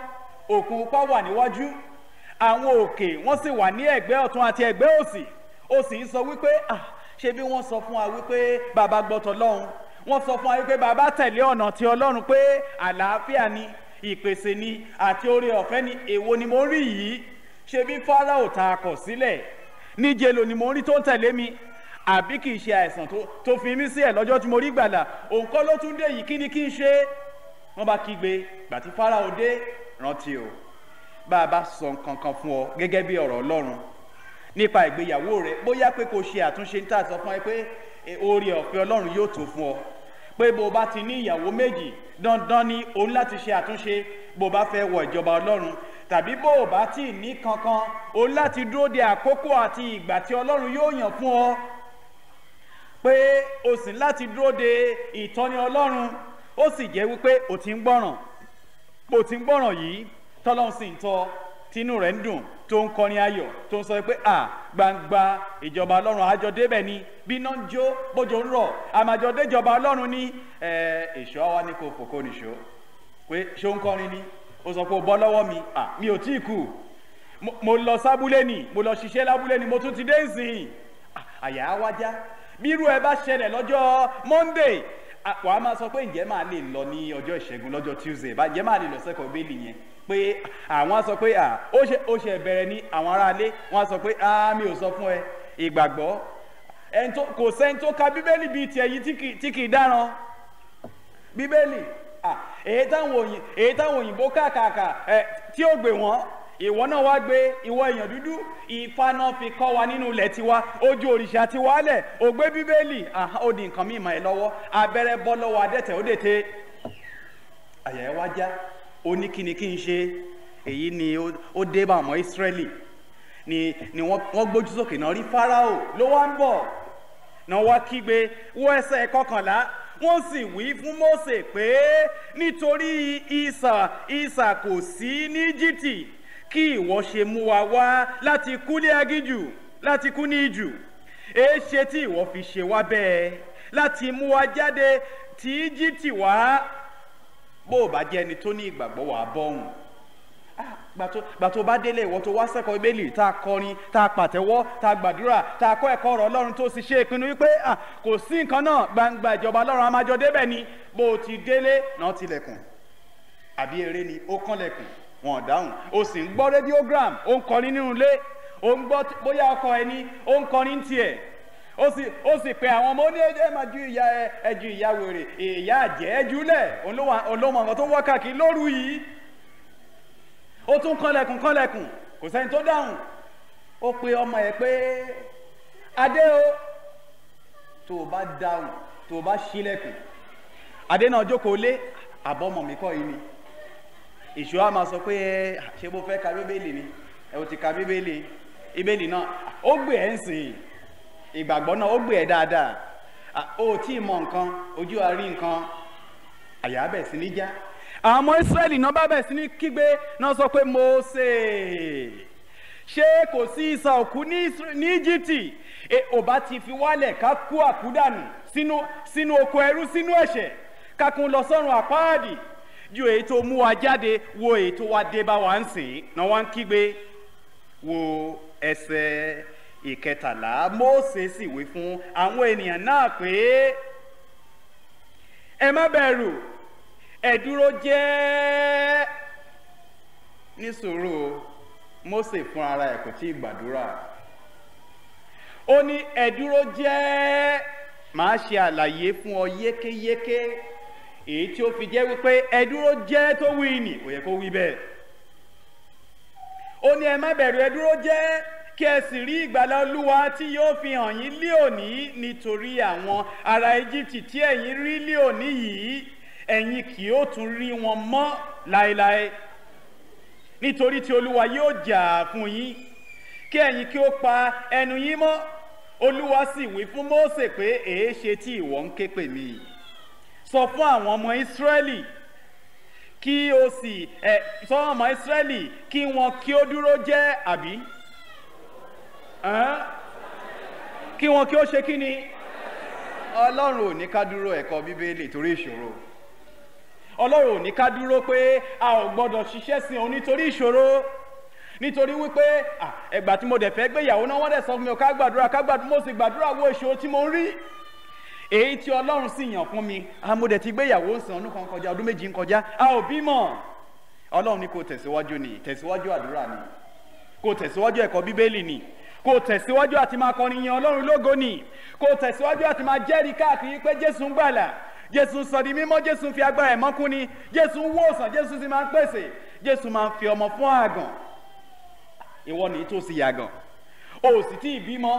òkun pọ́ wà níwájú àwọn òkè wọ́n sì wà ní ẹ̀gbẹ́ ọ̀tún àti ẹ̀gbẹ́ òsì ó sì ń sọ wípé ah ṣe bí wọ́n sọ fún wa wípé bàbá gbọ́tọ̀ lọ́hùn wọ́n sọ fún wa wípé bàbá tẹ̀lé ọ̀nà ti ọlọ́run pé àlàáfíà ni ìpèsè ni àti oore ọ̀fẹ́ ni èwo ni mo rí yìí ṣe bí fáráò ta kọ̀ sílẹ̀ níjẹ́ lo ni mo rí tó ń tẹ̀lé mi àbí kì í ṣe àìsàn tó fi mí sí ẹ̀ lọ́jọ́ tí mo rí gbàlà òun kọ́ ló tún dé yìí kí ni kí n ṣe wọ́n bá kígbe gbà tí Fáráò dé rántí o bá a bá sọ nǹkan kan fún ọ gẹ́gẹ́ bí ọ̀rọ̀ Ọlọ́run nípa ìgbéyàwó rẹ bóyá pé kò ṣe àtúnṣe ń tà sọ fún ẹ pé oore ọ̀fẹ́ Ọlọ́run yóò tó fún ọ pé bó o bá ti ní ìyàwó méjì dandan ni o ní láti ṣe àtúnṣe bó o bá fẹ́ wọ ìjọba Ọlọ́run tàbí bó o bá ti ní kankan o ní láti dúró de àkókò àti ìgbà tí Ọlọ́run yóò yàn fún ọ pé o sì ń láti dúró de ìtọ́ni ọlọ́run ó sì jẹ́ wípé o ti ń gbọ́ràn o ti ń gbọ́ràn yìí tọ́lọ́run sì ń tọ́ tínú rẹ̀ ń dùn tó ń kọrin ayọ̀ tó ń sọ pé à gbangba ìjọba ọlọ́run àjọ débẹ̀ ni bí iná ń jó bójú ń rọ̀ àmàjọ déjọba ọlọ́run ní èso àwa ni kò fòkó nìṣó pé ṣó ń kọrin ni ó sọ pé o bọ́ lọ́wọ́ mi à mi ò tí ì kù mo lọ sábúlé ni mo lọ ṣiṣẹ́ lábúlé ni mo tún ti dé ìsìn àyà wájá bírú ẹ bá ṣẹlẹ̀ lọ́jọ́ monday wàá máa sọ pé ǹjẹ́ máa lè lọ ní ọjọ́ ìṣẹ́gun lọ́jọ́ tuesday ǹjẹ́ máa lè lọ sẹ́kọ̀ọ́ bẹ́ẹ̀lì yẹn pé àwọn sọ pé ó ṣe bẹ̀rẹ̀ ní àwọn aráalé wọ́n sọ pé mi ò sọ fún ẹ ìgbàgbọ́ kò sẹ́ni tó ka bíbélì bíi tiẹ̀ yìí tí kì í dáràn bíbélì èyí táwọn òyìnbó kàkàkà tí ó gbé wọn ìwọ náà wá gbé ìwọ èèyàn dúdú Ifá náà fi kọ́ wa nínú ilẹ̀ tiwa ojú òrìṣà ti wálẹ̀ ògbé bíbélì ó di nǹkan mímọ́ ẹ lọ́wọ́ abẹ́rẹ́ bọ́ lọ́wọ́ adẹ́tẹ̀ ó dètè àyà ẹ wá já ó ní kíni kí n ṣe èyí ni ó dé bá ọmọ Ísírẹ́lì ni ni wọ́n gbójú sókè náà rí Fáráò ló wá ń bọ̀ náà wá kígbe wọ ẹsẹ̀ kọkànlá wọ́n sì wí fún Mósè pé nítorí ìsà ìsà kò sí ní jìtì kí ìwọ ṣe mú wa wá láti kú ní agíjù láti kú ní ìjù èé tí ìwọ fi ṣe wá bẹ́ẹ̀ láti mú wa jáde tí íjíbítì wá bó o bá jẹ́ ẹni tó ní ìgbàgbọ́ wà á bọ́hùn ah, gbà tó bá délé ìwọ tó wá sẹ́kọ̀ọ́ ìbéèlì tá a kọrin tá a pàtẹ́wọ́ tá a gbàdúrà tá a kọ́ ẹ̀kọ́ ọ̀rọ̀ ọlọ́run tó sì ṣe ìpinnu wípé ah, kò sí nǹkan náà gbangba ìjọba ọlọ́run a máa jọ débẹ̀ ni bó o ti délé náà tilẹ̀kùn àbí eré ni ó kànlẹ̀kùn wọn ò dáhùn o sì ń gbọ́ radiogram o ń kọrin nínú ilé o ń gbọ́ bóyá ọkọ ẹni o ń kọrin tiẹ̀ ó sì ó sì pe àwọn ọmọ oní ẹ máa ju ìyá ẹ ẹ ju ìyá wèrè ìyá àjẹ́ jùlẹ̀ olóhùn àwọn tó ń wá káàkiri lóru yìí ó tún kànlẹ̀kùn kànlẹ̀kùn kò sẹ́ni tó dáhùn ó pe ọmọ ẹ pé adé o tó o bá dáhùn tó o bá ṣílẹ̀kùn adé náà jókòó lé àbọ̀mọ̀ mi kọ́ yìí ni èṣù á máa sọ pé ẹ ṣe bó fẹ́ ka bíbélì ni ẹ ò ti ka bíbélì bíbélì náà ó gbé ẹ̀ ń sìn ìgbàgbọ́ náà ó gbé ẹ̀ dáadáa ó tí ì mọ nǹkan ojú wa rí nǹkan àyà bẹ̀ sí ní já àwọn ọmọ Ísírẹ́lì náà bá bẹ̀ sí ní kígbe náà sọ pé Mósè ṣé kò sí ìsà òkú ní Íjíbítì e, ò ti fi wálẹ̀ ká kú àkúdànù sínú oko ẹrú sínú ẹ̀ṣẹ̀ ká lọ sọ́run àpáàdì ju èyí tó mú wa jáde wo èyí tó wá dé bá wa ń sìn náà wá ń kígbe wo ẹsẹ̀ ìkẹtàlá Mósè sì wí fún àwọn ènìyàn náà pé ẹ má bẹ̀rù ẹ dúró jẹ́ nísòro Mósè fún ara ẹ̀ kò tí ì gbàdúrà ó ní ẹ dúró jẹ́ ṣe àlàyé fún ọ yékéyéké. Yéké èyí tí ó fi jẹ́ wípé ẹ̀dúró jẹ́ tó wí nì kò yẹ kó wí bẹ́ẹ̀ ó ní ẹ má bẹ̀rù ẹ̀dúró jẹ́ kí ẹ sì rí ìgbàlà olúwa tí yóò fi hàn yín lé òní nítorí àwọn ará Íjíbítì tí ẹ̀yin rí lé òní yìí ẹ̀yin kì yóò tún rí wọn mọ́ láéláé nítorí tí olúwa yóò jà fún yín kí ẹ̀yin kí ó pa ẹnu yín mọ́ olúwa sì wí fún Mósè pé èé ṣe tí ìwọ ń ké pè mí yìí sọ fún àwọn ọmọ Ísírẹ́lì kí o sì ẹ sọ àwọn ọmọ Ísírẹ́lì kí wọn kí ó dúró jẹ́ àbí kí wọn kí ó ṣe kí ni Ọlọ́run ò ní ká dúró ẹ̀kọ́ Bíbélì torí ìṣòro Ọlọ́run ò ní ká dúró pé a ò gbọ́dọ̀ ṣiṣẹ́ sí òun nítorí ìṣòro nítorí wípé ẹgbà tí mo dẹ̀ fẹ́ gbéyàwó náà wọ́n dẹ̀ sọ fún mi ká gbàdúrà ká gbàdúrà mo sì gbàdúrà wo ìṣòro tí mo ń rí èyí tí ọlọ́run sì yàn fún mi amúdẹ ti gbéyàwó ń sàn ọdún kan kọjá ọdún méjì ń kọjá a ò bímọ ọlọ́run ní kò tẹ̀síwájú ni tẹ̀síwájú àdúrà ni kò tẹ̀síwájú ẹ̀kọ́ bíbélì ni kò tẹ̀síwájú àti máa kọrin yan ọlọ́run lógo ni kò tẹ̀síwájú àti máa jẹ́rìí káàkiri pé jésù ń gbàlà jésù sọ di mímọ́ jésù fi agbára ẹ̀ mọ́kún ni jésù ń wòsàn jésù sì máa ń pèsè jésù máa ń fi ọmọ fún àgàn ìwọ nìyí tó sì yàgàn o sì tí ì bímọ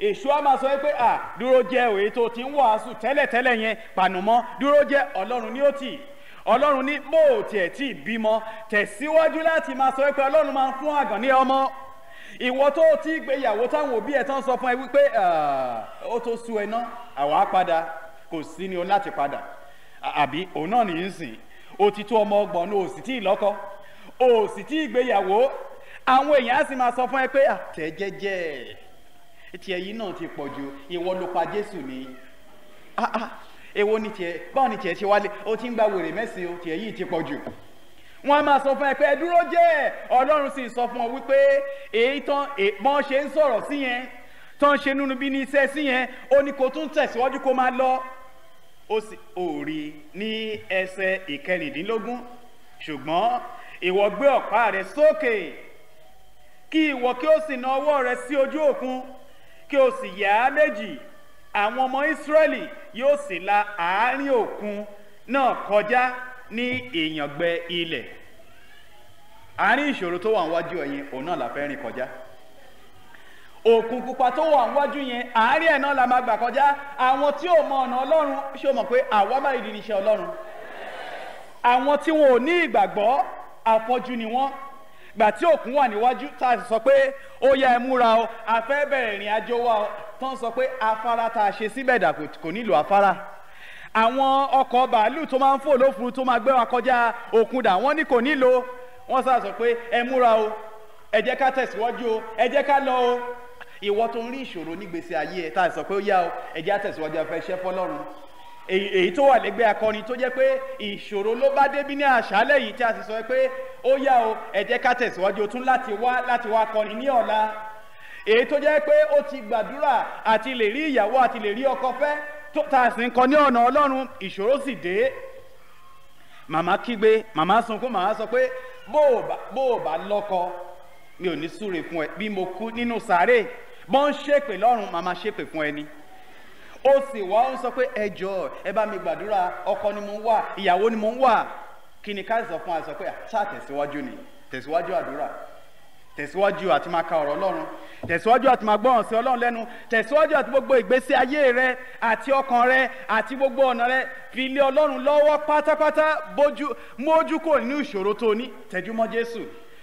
èṣù á máa sọ pé à dúró jẹ́ òye tó ti ń wàásù tẹ́lẹ̀tẹ́lẹ̀ yẹn pànùmọ́ dúró jẹ́ ọlọ́run ní ó tì ọlọ́run ní bó o tiẹ̀ tí bímọ tẹ̀síwájú láti máa sọ pé ọlọ́run máa ń fún àgàn ní ọmọ ìwọ tó ti gbéyàwó táwọn òbí ẹ̀ tán sọ fún ẹ wípé ó tó sú ẹ náà àwa padà kò sí ni o láti padà àbí òun náà nìyí ń sìn o ti tó ọmọ ọgbọ̀n ní o sì tí ì lọ́kọ o sì tí ì gbéyàwó àwọn èèyàn á sì máa sọ fún ẹ pé àtẹ̀jẹ́jẹ́ tiẹ̀ yìí náà ti pọ̀ ju ìwọ ló pa jésù ni ah, ah, èwo ni tiẹ̀ báwo ni tiẹ̀ ṣe wálé o ti ń gba wèrè mẹ́sìn o tiẹ̀ yìí ti pọ̀ jù wọ́n á máa sọ fún ẹ pé ẹ dúró jẹ́ ọlọ́run sì sọ fún ọ wípé èyí tán bọ́n ṣe ń sọ̀rọ̀ sí yẹn tán ṣe nínú bí ní iṣẹ́ sí yẹn ó ní kó tún tẹ̀síwájú kó máa lọ ó sì ò ní ẹsẹ̀ ìkẹrìndínlógún ṣùgbọ́n ìwọ gbé ọ̀pá rẹ sókè kí ìwọ kí ó sì na ọwọ́ rẹ sí ojú òkun kí o sì yà á méjì àwọn ọmọ Ísírẹ́lì yóò sì la àárín òkun náà kọjá ní ìyàngbẹ ilẹ̀ àárín ìṣòro tó wà níwájú ẹ òun náà la fẹ́ rìn kọjá òkun pupa tó wà níwájú yẹn àárín ẹ̀ náà la máa gbà kọjá àwọn tí ò mọ ọ̀nà Ọlọ́run ṣé o mọ̀ pé àwa báyìí di iṣẹ́ Ọlọ́run àwọn tí wọn ò ní ìgbàgbọ́ àfọ́jú ni wọ́n gbà tí òkun wà níwájú tá a sọ pé ó yẹ ẹ múra o a fẹ́ bẹ̀rẹ̀ ìrìn àjò wa o tán sọ pé afárá tá a ṣe síbẹ̀ dà kò nílò afárá àwọn ọkọ̀ bàálù tó máa ń fò lófuru tó máa gbé wa kọjá òkun dà wọ́n ní kò nílò wọ́n sá sọ pé ẹ múra o ẹ jẹ́ ká tẹ̀síwájú o ẹ jẹ́ ká lọ o ìwọ tó ń rí ìṣòro nígbèsè ayé ẹ tá a sọ pé ó yá o ẹ jẹ́ á tẹ̀síwájú afẹ́ iṣẹ́ fọlọ́run èyí tó wà lẹ́gbẹ́ akọni tó jẹ́ pé ìṣòro ló bá débi ní àṣálẹ́ yìí tí a sì sọ pé ó yá o ẹ jẹ́ ká tẹ̀síwájú o tún láti wá láti wá akọni ní ọ̀la èyí tó jẹ́ pé ó ti gbàdúrà àti lè rí ìyàwó àti lè rí ọkọ fẹ́ tó ta sì ń kọ ní ọ̀nà ọlọ́run ìṣòro sì dé màmá kígbe màmá sunkún màmá sọ pé bó o bá lọ́kọ mi ò ní súre fún ẹ bí mo kú nínú sàárè bọ́n ṣépè lọ́run màmá ṣépè fún ẹni ó sì wá ń sọ pé ẹ jọ̀ọ́ ẹ bá mi gbàdúrà ọkọ ni mo ń wà ìyàwó ni mo ń wà kí ni ká sọ fún wa sọ pé ṣáà tẹ̀síwájú ni tẹ̀síwájú àdúrà tẹ̀síwájú àti máa ka ọ̀rọ̀ ọlọ́run tẹ̀síwájú àti máa gbọ́ràn sí ọlọ́run lẹ́nu tẹ̀síwájú àti gbogbo ìgbésí ayé rẹ àti ọkàn rẹ àti gbogbo ọ̀nà rẹ fi lé ọlọ́run lọ́wọ́ pátápátá bójú mójú kò nínú ìṣòro tó ní tẹjú mọ́ jésù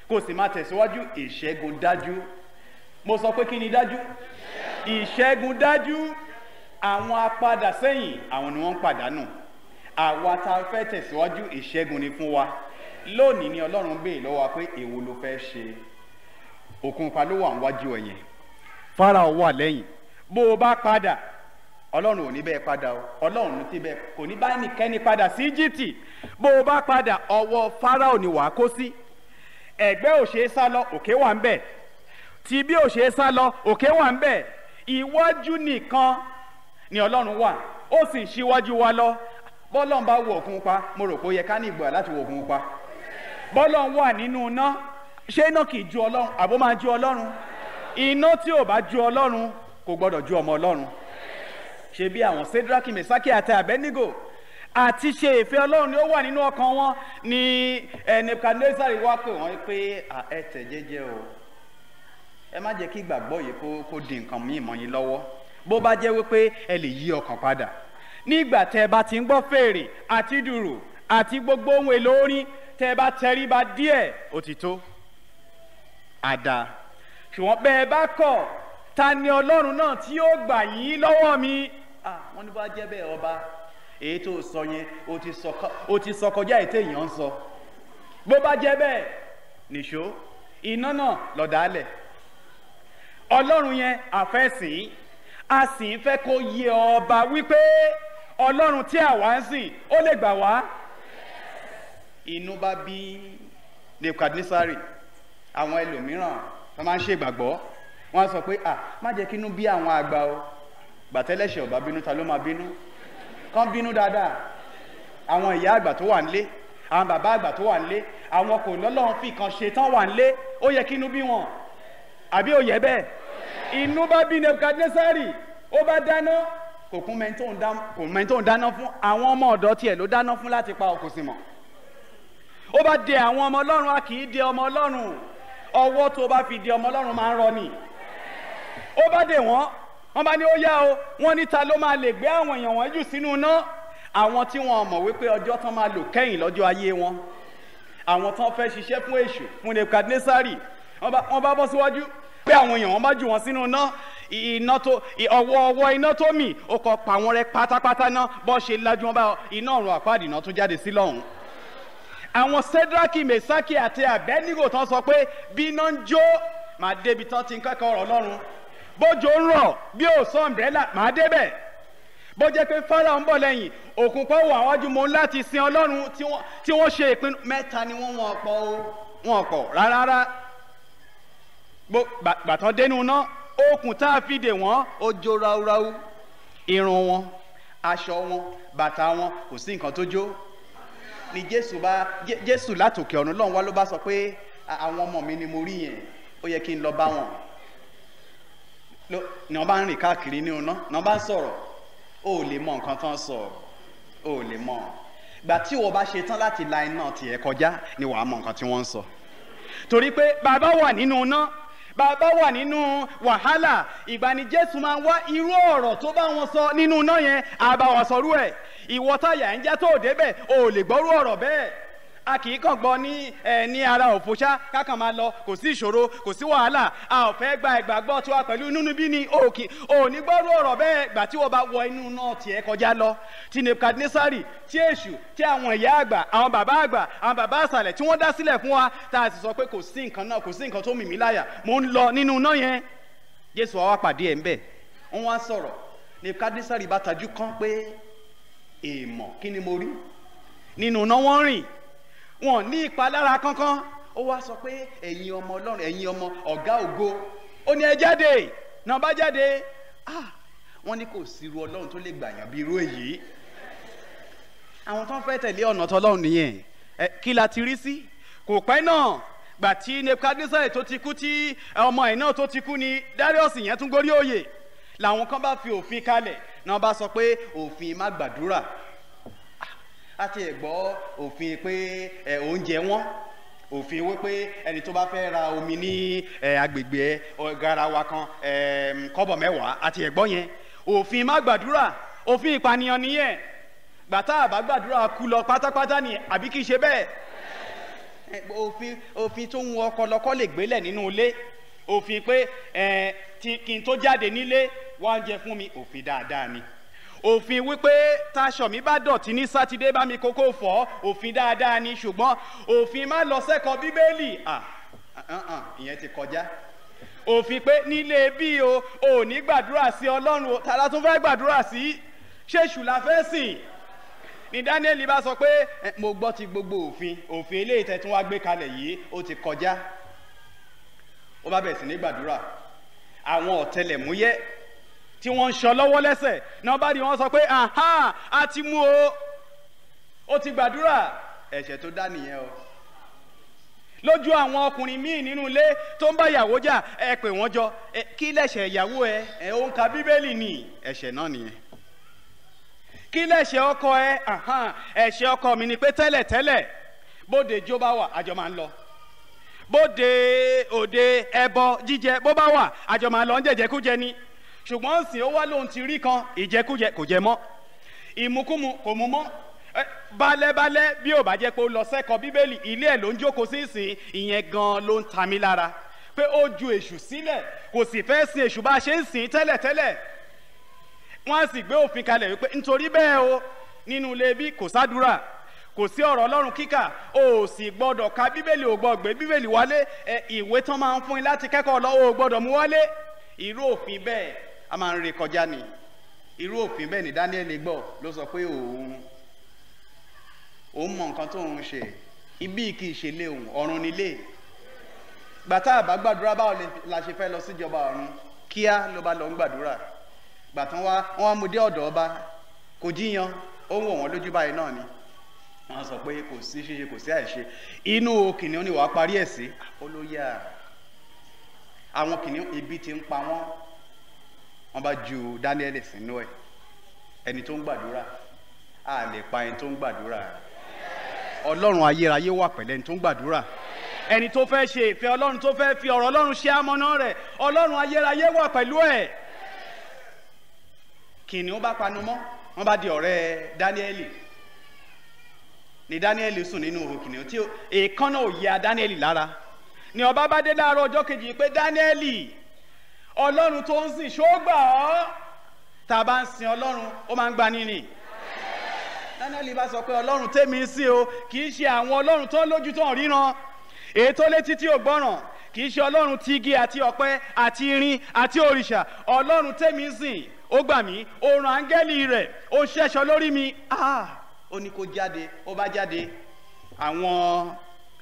kò sì máa tẹ̀síwájú ìṣẹ́gun dájú mo sọ pé kí ni dájú ìṣẹ́gun dájú àwọn apadà sẹ́yìn àwọn ni wọ́n ń pàdánù àwa tá a fẹ́ tẹ̀síwájú ìṣẹ́gun ni fún wa lónìí ni ọlọ́run béè lọ́wọ́ wa pé èwo ló fẹ́ ṣe òkun pa ló wà níwájú ẹ̀yìn Fáráò wà lẹ́yìn bó o bá padà ọlọ́run ò ní bẹ́ẹ̀ padà o ọlọ́run ti bẹ́ẹ̀ kò ní bá nìkẹ́ni padà sí íjíìtì bó o bá padà ọwọ́ Fáráò ni wàá kó sí ẹ̀gbẹ́ òṣè sá lọ òkè wà ń bẹ̀ tìbí òṣè sá lọ òkè wà ń bẹ̀ ìwájú nìkan ni ọlọ́run wà ó sì ṣíwájú wa lọ bọ́lọ́n bá wo òkun pa mo rò pé ó yẹ ká ní ìgbà láti wo òkun pa bọ́lọ́n wà nínú iná ṣé iná kì í ju ọlọ́run àbó máa ju ọlọ́run iná tí ò bá ju ọlọ́run kò gbọ́dọ̀ ju ọmọ ọlọ́run ṣe bí àwọn sedraki mesaki àti abenigo àti ṣe ìfẹ́ ọlọ́run ni ó wà nínú ọkàn wọn ni nebukadnezari wá pé wọ́n pé ẹ tẹ̀ jẹ́jẹ́ o ẹ má jẹ́ kí ìgbàgbọ́ yìí kó di nǹkan míì bó bá jẹ́ wípé ẹ lè yí ọkàn padà nígbà tẹ́ ẹ bá ti ń gbọ́ fèrè àti dùrù àti gbogbo ohun èlò orin tẹ́ ẹ bá tẹríba díẹ̀ ó ti tó àdá ṣùgbọ́n bẹ́ ẹ bá kọ̀ ta ni ọlọ́run náà tí yóò gbà yín lọ́wọ́ mi wọ́n ní bá jẹ́ bẹ́ẹ̀ ọba èyí tó sọ yẹn o ti sọ kọjá ètè èèyàn ń sọ bó bá jẹ́ bẹ́ẹ̀ nìṣó iná náà lọ̀dálẹ̀ ọlọ́run yẹn àfẹ́sìn a sì ń fẹ́ kó yé ọba wípé ọlọ́run tí àwa ń sìn ó lè gbà wá. inú bá bí nebukadnesari àwọn ẹlòmíràn wọ́n máa ń ṣe ìgbàgbọ́ wọ́n sọ pé à má jẹ́ kí inú bí àwọn àgbà o gbàtẹ́lẹ̀ṣẹ̀ ọba bínú ta ló máa bínú kán bínú dáadáa àwọn ìyá àgbà tó wà nílé àwọn bàbá àgbà tó wà nílé àwọn kò lọ́lọ́run fi ṣe tán wà nílé ó yẹ kí inú bí wọn àbí ó yẹ bẹ́ẹ̀ inú bá bí nebukadnesari ó bá dáná kò kún mẹ́ńtò ń dáná fún àwọn ọmọ ọ̀dọ́ tiẹ̀ ló dáná fún láti pa ọkọ̀ sí mọ́ ó bá dẹ àwọn ọmọ ọlọ́run a kì í dẹ ọmọ ọlọ́run ọwọ́ tó bá fi di ọmọ ọlọ́run máa ń rọ ni ó bá dẹ wọ́n wọ́n bá ní ó yá o wọ́n ní ta ló máa lè gbé àwọn èèyàn wọn jù sínú iná àwọn tí wọ́n mọ̀ wípé ọjọ́ tán máa lò kẹ́yìn lọ́jọ́ ayé wọn àwọn tán fẹ́ ṣiṣẹ́ fún èṣù fún nebukadnesari wọ́n bá bọ́ síwájú pé àwọn èèyàn wọn bá jù wọn sínú iná iná tó ọwọ́ ọwọ́ iná tó mì ó kọ pa wọn rẹ pátápátá ná bọ́ ṣe lajú wọn bá iná ọ̀run àpáàdì tó jáde sí lọ́hùn. àwọn sẹ́dákì mẹ́sákì àti àbẹ́nígò tán sọ pé bí iná ń jó màá débi tán ti ń kẹ́kọ̀ọ́ ọ̀rọ̀ ọlọ́run bójò ń rọ̀ bí ò sọ ọ̀mbrẹ́là màá débẹ̀ bó jẹ́ pé fara ń bọ̀ lẹ́yìn òkun pọ̀ wà wájú mọ́ láti sin ọlọ́run tí wọ́n ṣe ìpinnu mẹ́ta ni wọ́n wọn ọ̀pọ̀ o wọn ọ̀pọ̀ rárá rárá gbàtàn dénú náà okùn tá a fi dè wọ́n ó jó ráúráú irun wọn aṣọ wọn bàtà wọn kò sí nǹkan tó jó ni jésù bá jésù látòkè ọ̀run lọ́run wá ló bá sọ pé àwọn ọmọ mi ni mo rí yẹn ó yẹ kí n lọ bá wọn ni wọ́n bá ń rìn káàkiri ní ọ̀nà ni wọ́n bá ń sọ̀rọ̀ ó lè mọ nǹkan tán sọ ó lè mọ gbà tí wọ́n bá ṣe tán láti la iná tiẹ̀ kọjá ni wàá mọ nǹkan tí wọ́n ń sọ torí pé bàbá wà nínú náà bàbá wà nínú wàhálà ìgbà ni Jésù máa ń wá irú ọ̀rọ̀ tó bá wọn sọ nínú iná yẹn àbá wọn ẹ̀ ìwọ ń jẹ́ tó débẹ̀ ò lè gbọ́rú ọ̀rọ̀ bẹ́ẹ̀ a kì í kàn gbọ́ ní ẹ ní ara òfòṣá kákan máa lọ kò sí ìṣòro kò sí wàhálà a ò fẹ́ gba ìgbàgbọ́ tiwa pẹ̀lú nínú bí ni òkè òní gbọ́rú ọ̀rọ̀ bẹ́ẹ̀ gbà tí wọ́n bá wọ inú náà tiẹ̀ kọjá lọ ti nebukadnesari ti èṣù ti àwọn ìyá àgbà àwọn bàbá àgbà àwọn bàbá àsàlẹ̀ tí wọ́n dá sílẹ̀ fún wa tá a sì sọ pé kò sí nǹkan náà kò sí nǹkan tó mì láyà mò ń lọ nínú náà yẹn nínú náà wọ́n rìn wọn ní ìpalára kankan ó wá sọ pé ẹ̀yin ọmọ ọlọ́run ẹ̀yin ọmọ ọ̀gá ògo ó ní ẹ jáde náà bá jáde ah wọ́n ní kò síru ọlọ́run tó lè gbàyàn bí irú èyí àwọn tó ń fẹ́ tẹ̀lé ọ̀nà tọlọ́run nìyẹn kí la ti rí sí kò pẹ́ náà gbà tí nebukadnezar tó ti kú tí ọmọ ẹ̀ náà tó ti kú ni darius yẹn tún gorí oyè làwọn kan bá fi òfin kalẹ̀ náà bá sọ pé òfin má gbàdúrà a ti gbọ́ òfin pé ẹ oúnjẹ wọn òfin wípé ẹni tó bá fẹ́ ra omi ní agbègbè garawa kan kọ́bọ̀ mẹ́wàá àti ẹ̀gbọ́ yẹn òfin má gbàdúrà òfin ìpànìyàn nìyẹn gbàtà àbá gbàdúrà kú lọ pátápátá ni àbí kì í ṣe bẹ́ẹ̀ òfin òfin tó ń wọ ọkọlọkọ lè gbélẹ̀ nínú ilé òfin pé kí n tó jáde nílé wá oúnjẹ fún mi òfin dáadáa ni òfin wípé taṣọ mi bá dọ̀tí ní sátidé bá mi kókó fọ́ òfin dáadáa ni ṣùgbọ́n òfin má lọ sẹ́kọ̀ọ́ bíbélì ìyẹn ti kọjá òfin pé nílé bí o ò ní gbàdúrà sí ọlọ́run o tààrà tún fẹ́ gbàdúrà sí ṣéṣù la fẹ́ sìn ni Daniel bá sọ pé mo gbọ́ ti gbogbo òfin òfin ilé ìtẹ̀tún wa gbé kalẹ̀ yìí ó ti kọjá ó bá bẹ̀rẹ̀ sí ní gbàdúrà àwọn ọ̀tẹlẹ̀múyẹ́ tí wọ́n ń ṣan lọ́wọ́ lẹ́sẹ̀ náà bá di wọ́n sọ pé aha a ti mú o ó ti gbàdúrà ẹ̀ṣẹ̀ tó dá nìyẹn o lójú àwọn ọkùnrin míì nínú ilé tó ń bá ìyàwó jà ẹ pè wọ́n jọ kí lẹ̀ṣẹ̀ ìyàwó ẹ ẹ ó ń ka bíbélì ni ẹ̀ṣẹ̀ náà nìyẹn kí lẹ̀ṣẹ̀ ọkọ ẹ ẹ̀ṣẹ̀ ọkọ mi ni pé tẹ́lẹ̀tẹ́lẹ̀ bóde jó bá wà àjọ máa ń lọ bóde òde ẹbọ jíjẹ bó bá wà àjọ máa ń lọ ń jẹjẹ ni ṣùgbọ́n sìn ó wá lóun ti rí kan ìjẹkújẹ kò jẹ mọ́ ìmukúmu kò mu mọ́ balẹ̀balẹ̀ bí ò bá jẹ́ pé ó lọ sẹ́kọ̀ọ́ bíbélì ilé ẹ̀ ló ń jókòó sí ìsìn ìyẹn gan ló ń ta mí lára pé ó ju èṣù sílẹ̀ kò sì fẹ́ sin èṣù bá a ṣe ń sìn tẹ́lẹ̀tẹ́lẹ̀ wọ́n á sì gbé òfin kalẹ̀ wípé nítorí bẹ́ẹ̀ o nínú ilé bí kò sádùrà kò sí ọ̀rọ̀ ọlọ́run kíkà o sì gbọ́dọ̀ ka bíbélì ò gbọ́ gbé bíbélì wálé ìwé tán máa ń fún yín láti kẹ́kọ̀ọ́ lọ́wọ́ ò gbọ́dọ̀ mú wálé irú òfin bẹ́ẹ̀ a máa ń re kọjá ni irú òfin bẹ́ẹ̀ ni Daniel gbọ́ ló sọ pé òun òun mọ nǹkan tó ń ṣe ibi kì í ṣe lé òun ọ̀run nílé gbàtà àbá gbàdúrà báwo la ṣe fẹ́ lọ síjọba ọ̀run kíá ló bá lọ ń gbàdúrà gbàtàn wá wọn mú dé ọ̀dọ̀ ọba kò jíyan ó wò wọ́n lójú báyìí náà ni wọ́n sọ pé kò sí ṣíṣe kò sí àìṣe inú kìnìún ni wàá parí ẹ̀ sí ó àwọn kìnìún ebi ti ń pa wọ́n wọ́n bá ju Daniel sínú ẹ̀ ẹni tó ń gbàdúrà a lè pa ẹni tó ń gbàdúrà ọlọ́run ayérayé wà pẹ̀lẹ́ ẹni tó ń gbàdúrà ẹni tó fẹ́ ṣe ìfẹ́ ọlọ́run tó fẹ́ fi ọ̀rọ̀ ọlọ́run ṣe amọ̀nà rẹ̀ ọlọ́run ayérayé wà pẹ̀lú ẹ̀ kìnìún bá panu mọ́ wọ́n bá di ọ̀rẹ́ Daniel ni Daniel sùn nínú òhò kìnìún tí èèkánná ò yẹ Daniel lára ni ọba bá dé láàárọ̀ ọjọ́ kejì pé Daniel ọlọ́run tó ń sìn ṣó gbà ọ́ tá a bá ń sin ọlọ́run ó máa ń gba níní. daniel bá sọ pé ọlọ́run tèmi ń sìn o kì í ṣe àwọn ọlọ́run tó lójú tó ń ríran èyí tó létí tí ò gbọ́ràn kì í ṣe ọlọ́run ti igi àti ọ̀pẹ àti irin àti òrìṣà ọlọ́run tèmi sìn ó gbà mí ó áńgẹ́lì rẹ̀ ó ṣẹ́ṣọ lórí mi ah, ó ní kó jáde ó bá jáde àwọn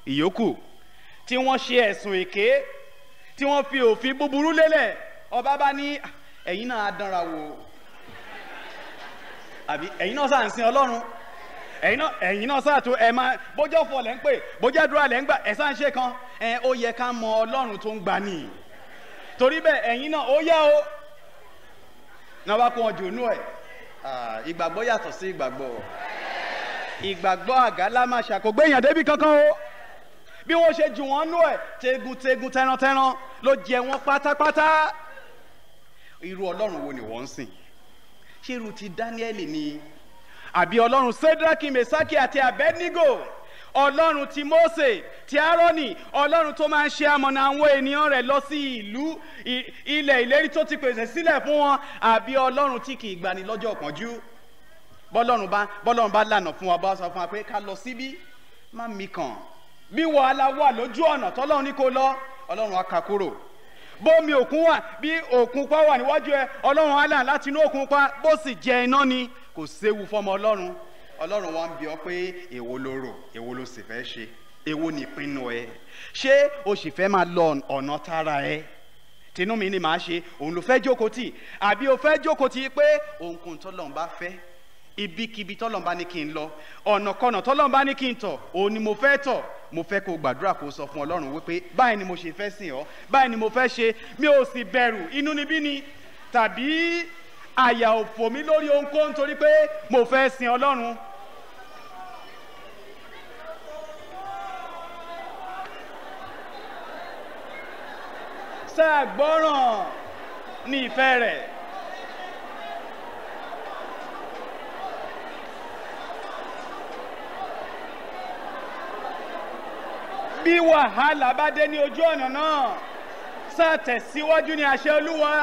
ìyókù tí wọ́n ṣe ẹ̀sùn èké tí wọ́n fi òfin búburú lélẹ̀ ọba bá ní ẹ̀yin náà dánra wò àbí ẹ̀yin náà sà ń sin ọlọ́run ẹ̀yin náà ẹ̀yin náà sà tó ẹ̀ máa bójú ọ̀fọ̀ lẹ́ ń pè bójú ẹ̀dúrà lẹ́ ń gbà ẹ̀ sà ń ṣe kan ẹ̀ ó yẹ ká mọ ọlọ́run tó ń gbà nìyí torí bẹ́ẹ̀ ẹ̀yin náà ó yá o náà wá kó wọn jòónú ẹ̀ ìgbàgbọ́ yàtọ̀ sí ìgbàgbọ́ ìgbàgbọ́ àgálá máa ṣàkógbé èèyàn débi kankan o bí wọ́n ṣe jù wọ́n nú ẹ̀ tegun tegun ló jẹ wọ́n pátápátá irú ọlọ́run wo ni wọ́n ń sìn ṣé irú ti Dáníẹ́lì ni àbí ọlọ́run Sédrákì Mèsákì àti Abẹ́dínígò ọlọ́run ti Mósè ti Árónì ọlọ́run tó máa ń ṣe amọ̀nà àwọn ènìyàn rẹ̀ lọ sí ìlú ilẹ̀ ìlérí tó ti pèsè sílẹ̀ fún wọn àbí ọlọ́run tí kì í gbani lọ́jọ́ ìpọ́njú bọ́lọ́run bá bọ́lọ́run bá lànà fún wa bá sọ fún wa pé ká lọ síbí má mi kàn bí wàhálà wà lójú ọ̀nà tọ́lọ́run ní kó lọ ọlọ́run á kà kúrò bómi òkun wà bí òkun pa wà níwájú ẹ ọlọ́run allah láti inú òkun pa bó sì jẹ iná ni kò séwu fọmọ ọlọ́run ọlọ́run wa ń bi ọ pé èwo ló rò èwo ló sì fẹ́ ṣe èwo ni ìpinnu ẹ ṣé o sì fẹ́ máa lọ ọ̀nà tara ẹ tinú mi ni màá ṣe òun ló fẹ́ jókòó tì àbí o fẹ́ jókòó tì pé òun kò ń tọ́lọ́run bá fẹ́ ibikíbi tọ́lọ́mbá ní kí n lọ ọ̀nàkọ́nà tọ́lọ́mbá ní kí n tọ̀ òun ni mo fẹ́ tọ̀ mo fẹ́ kó gbàdúrà kó sọ fún ọlọ́run wípé báyìí ni mo ṣe fẹ́ sìn ọ́ báyìí ni mo fẹ́ ṣe mi ò sì bẹ̀rù inú níbí ni tàbí àyà ò fò lórí ohunkóhun torí pé mo fẹ́ sìn ọlọ́run ṣàgbọ́ràn ní ìfẹ́ rẹ̀. bí wàhálà bá dé ní ojú ọ̀nà náà sá tẹ̀síwájú ní àṣẹ olúwa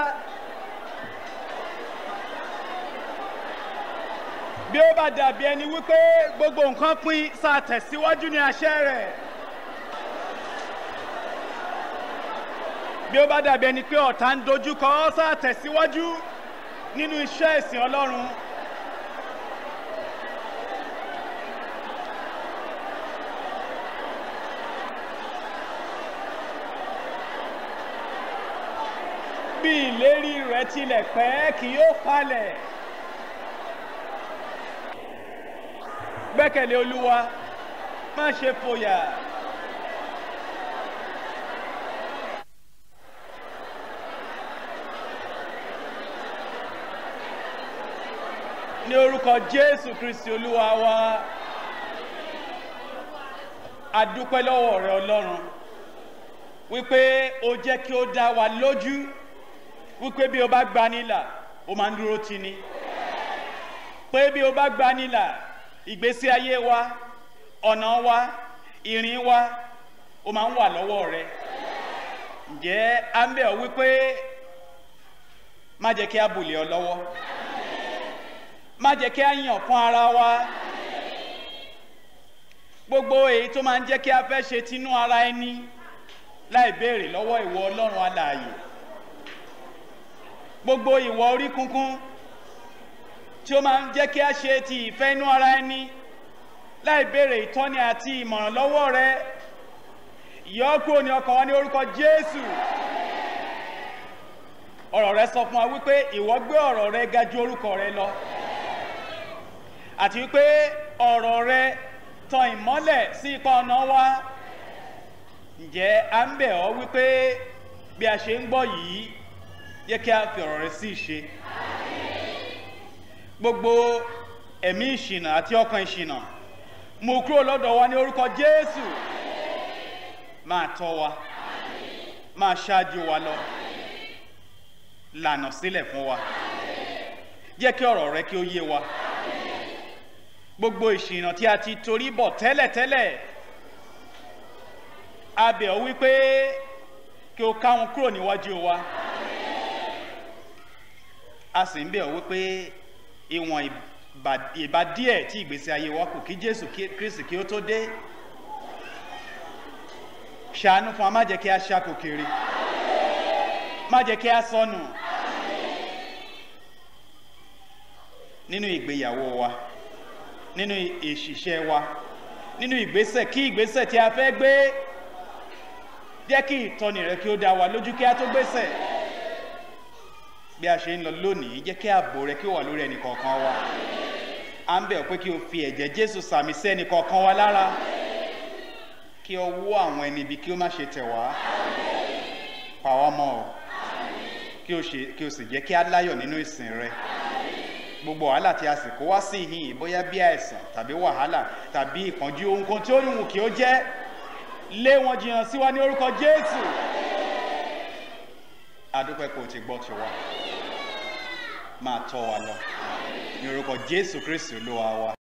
bí ó bá dàbí ẹni wípé gbogbo nǹkan pín sá tẹ̀síwájú ní àṣẹ rẹ̀ bí ó bá dàbí ẹni pé ọ̀tá ń dojúkọ sá tẹ̀síwájú nínú iṣẹ́ ìsìn ọlọ́run. bí ìlérí rẹ̀ tilẹ̀ pẹ́ kì yóò falẹ̀. gbẹ́kẹ̀lé olúwa má ṣe fòyà. ní orúkọ jésù kristi olúwa wa a lọ́wọ́ rẹ ọlọ́run wípé o jẹ́ kí ó dá wa lójú. wípé bí o bá gba nílà o máa ń dúró tì ní pé bí o bá gba nílà ìgbésí ayé wa ọ̀nà wa ìrìn wa o máa ń wà lọ́wọ́ rẹ ǹjẹ́ à ń bẹ̀ ọ́ wípé má jẹ́ kí a bùlẹ̀ ọ lọ́wọ́ má jẹ́ kí a yàn fún ara wa gbogbo èyí tó máa ń jẹ́ kí a fẹ́ ṣe tinú ara ẹni láì béèrè lọ́wọ́ ìwọ ọlọ́run alààyè. gbogbo ìwọ orí kunkun tí ó máa ń jẹ́ kí a ṣe ti ìfẹ́ inú ara ẹni láì béèrè ìtọ́ni àti ìmọ̀ràn lọ́wọ́ rẹ yọ ní ọkàn wa ní orúkọ Jésù ọ̀rọ̀ rẹ sọ fún wa wípé ìwọ gbé ọ̀rọ̀ rẹ ga ju orúkọ rẹ lọ àti wípé ọ̀rọ̀ rẹ tan ìmọ́lẹ̀ sí ipa ọ̀nà wa ǹjẹ́ à ń bẹ̀ ọ́ wípé bí a ṣe ń gbọ́ yìí yẹ kí a fi ọ̀rọ̀ rẹ sí ìṣe gbogbo ẹ̀mí ìṣìnà àti ọkàn ìṣìnà mú kúrò lọ́dọ̀ wa ní orúkọ Jésù máa tọ́ wa máa ṣáájú wa lọ lànà sílẹ̀ fún wa jẹ́ kí ọ̀rọ̀ rẹ kí ó yé wa gbogbo ìṣìnà tí a ti torí bọ̀ tẹ́lẹ̀tẹ́lẹ̀ a bẹ̀ wípé kí o ká kúrò níwájú wa. Amen a sì ń bẹ̀ ọ́ wípé ìwọ̀n ìbá díẹ̀ tí ìgbésí ayé wa kù kí Jésù Kristi kí ó tó dé ṣàánú fún wa má jẹ́ kí a ṣàkò kiri má jẹ́ kí a sọnù nínú ìgbéyàwó wa nínú ìṣiṣẹ́ wa nínú ìgbésẹ̀ kí ìgbésẹ̀ tí a fẹ́ gbé jẹ́ kí ìtọ́ni rẹ kí ó dá wa lójú kí a tó gbésẹ̀. bí a ṣe ń lọ lónìí jẹ́ kí ààbò rẹ kí ó wà lórí ẹnì kọ̀ọ̀kan wa à ń bẹ̀ pé kí o fi ẹ̀jẹ̀ Jésù sàmì sí ẹnì kọ̀ọ̀kan wa lára kí àwọn ẹni ibi kí ó má ṣe tẹ̀ pa wá mọ́ o kí o sì jẹ́ kí gbogbo wàhálà tí a sì kó wá sí ìhìn bí àìsàn tàbí wàhálà tàbí ìpọ́njú ohunkóhun tí ó wù kí ó jẹ́ lé wọn sí wa ní orúkọ Jésù adúpẹ́ máa tọ́ wa lọ ní orúkọ Jésù Kristi Olúwa wa.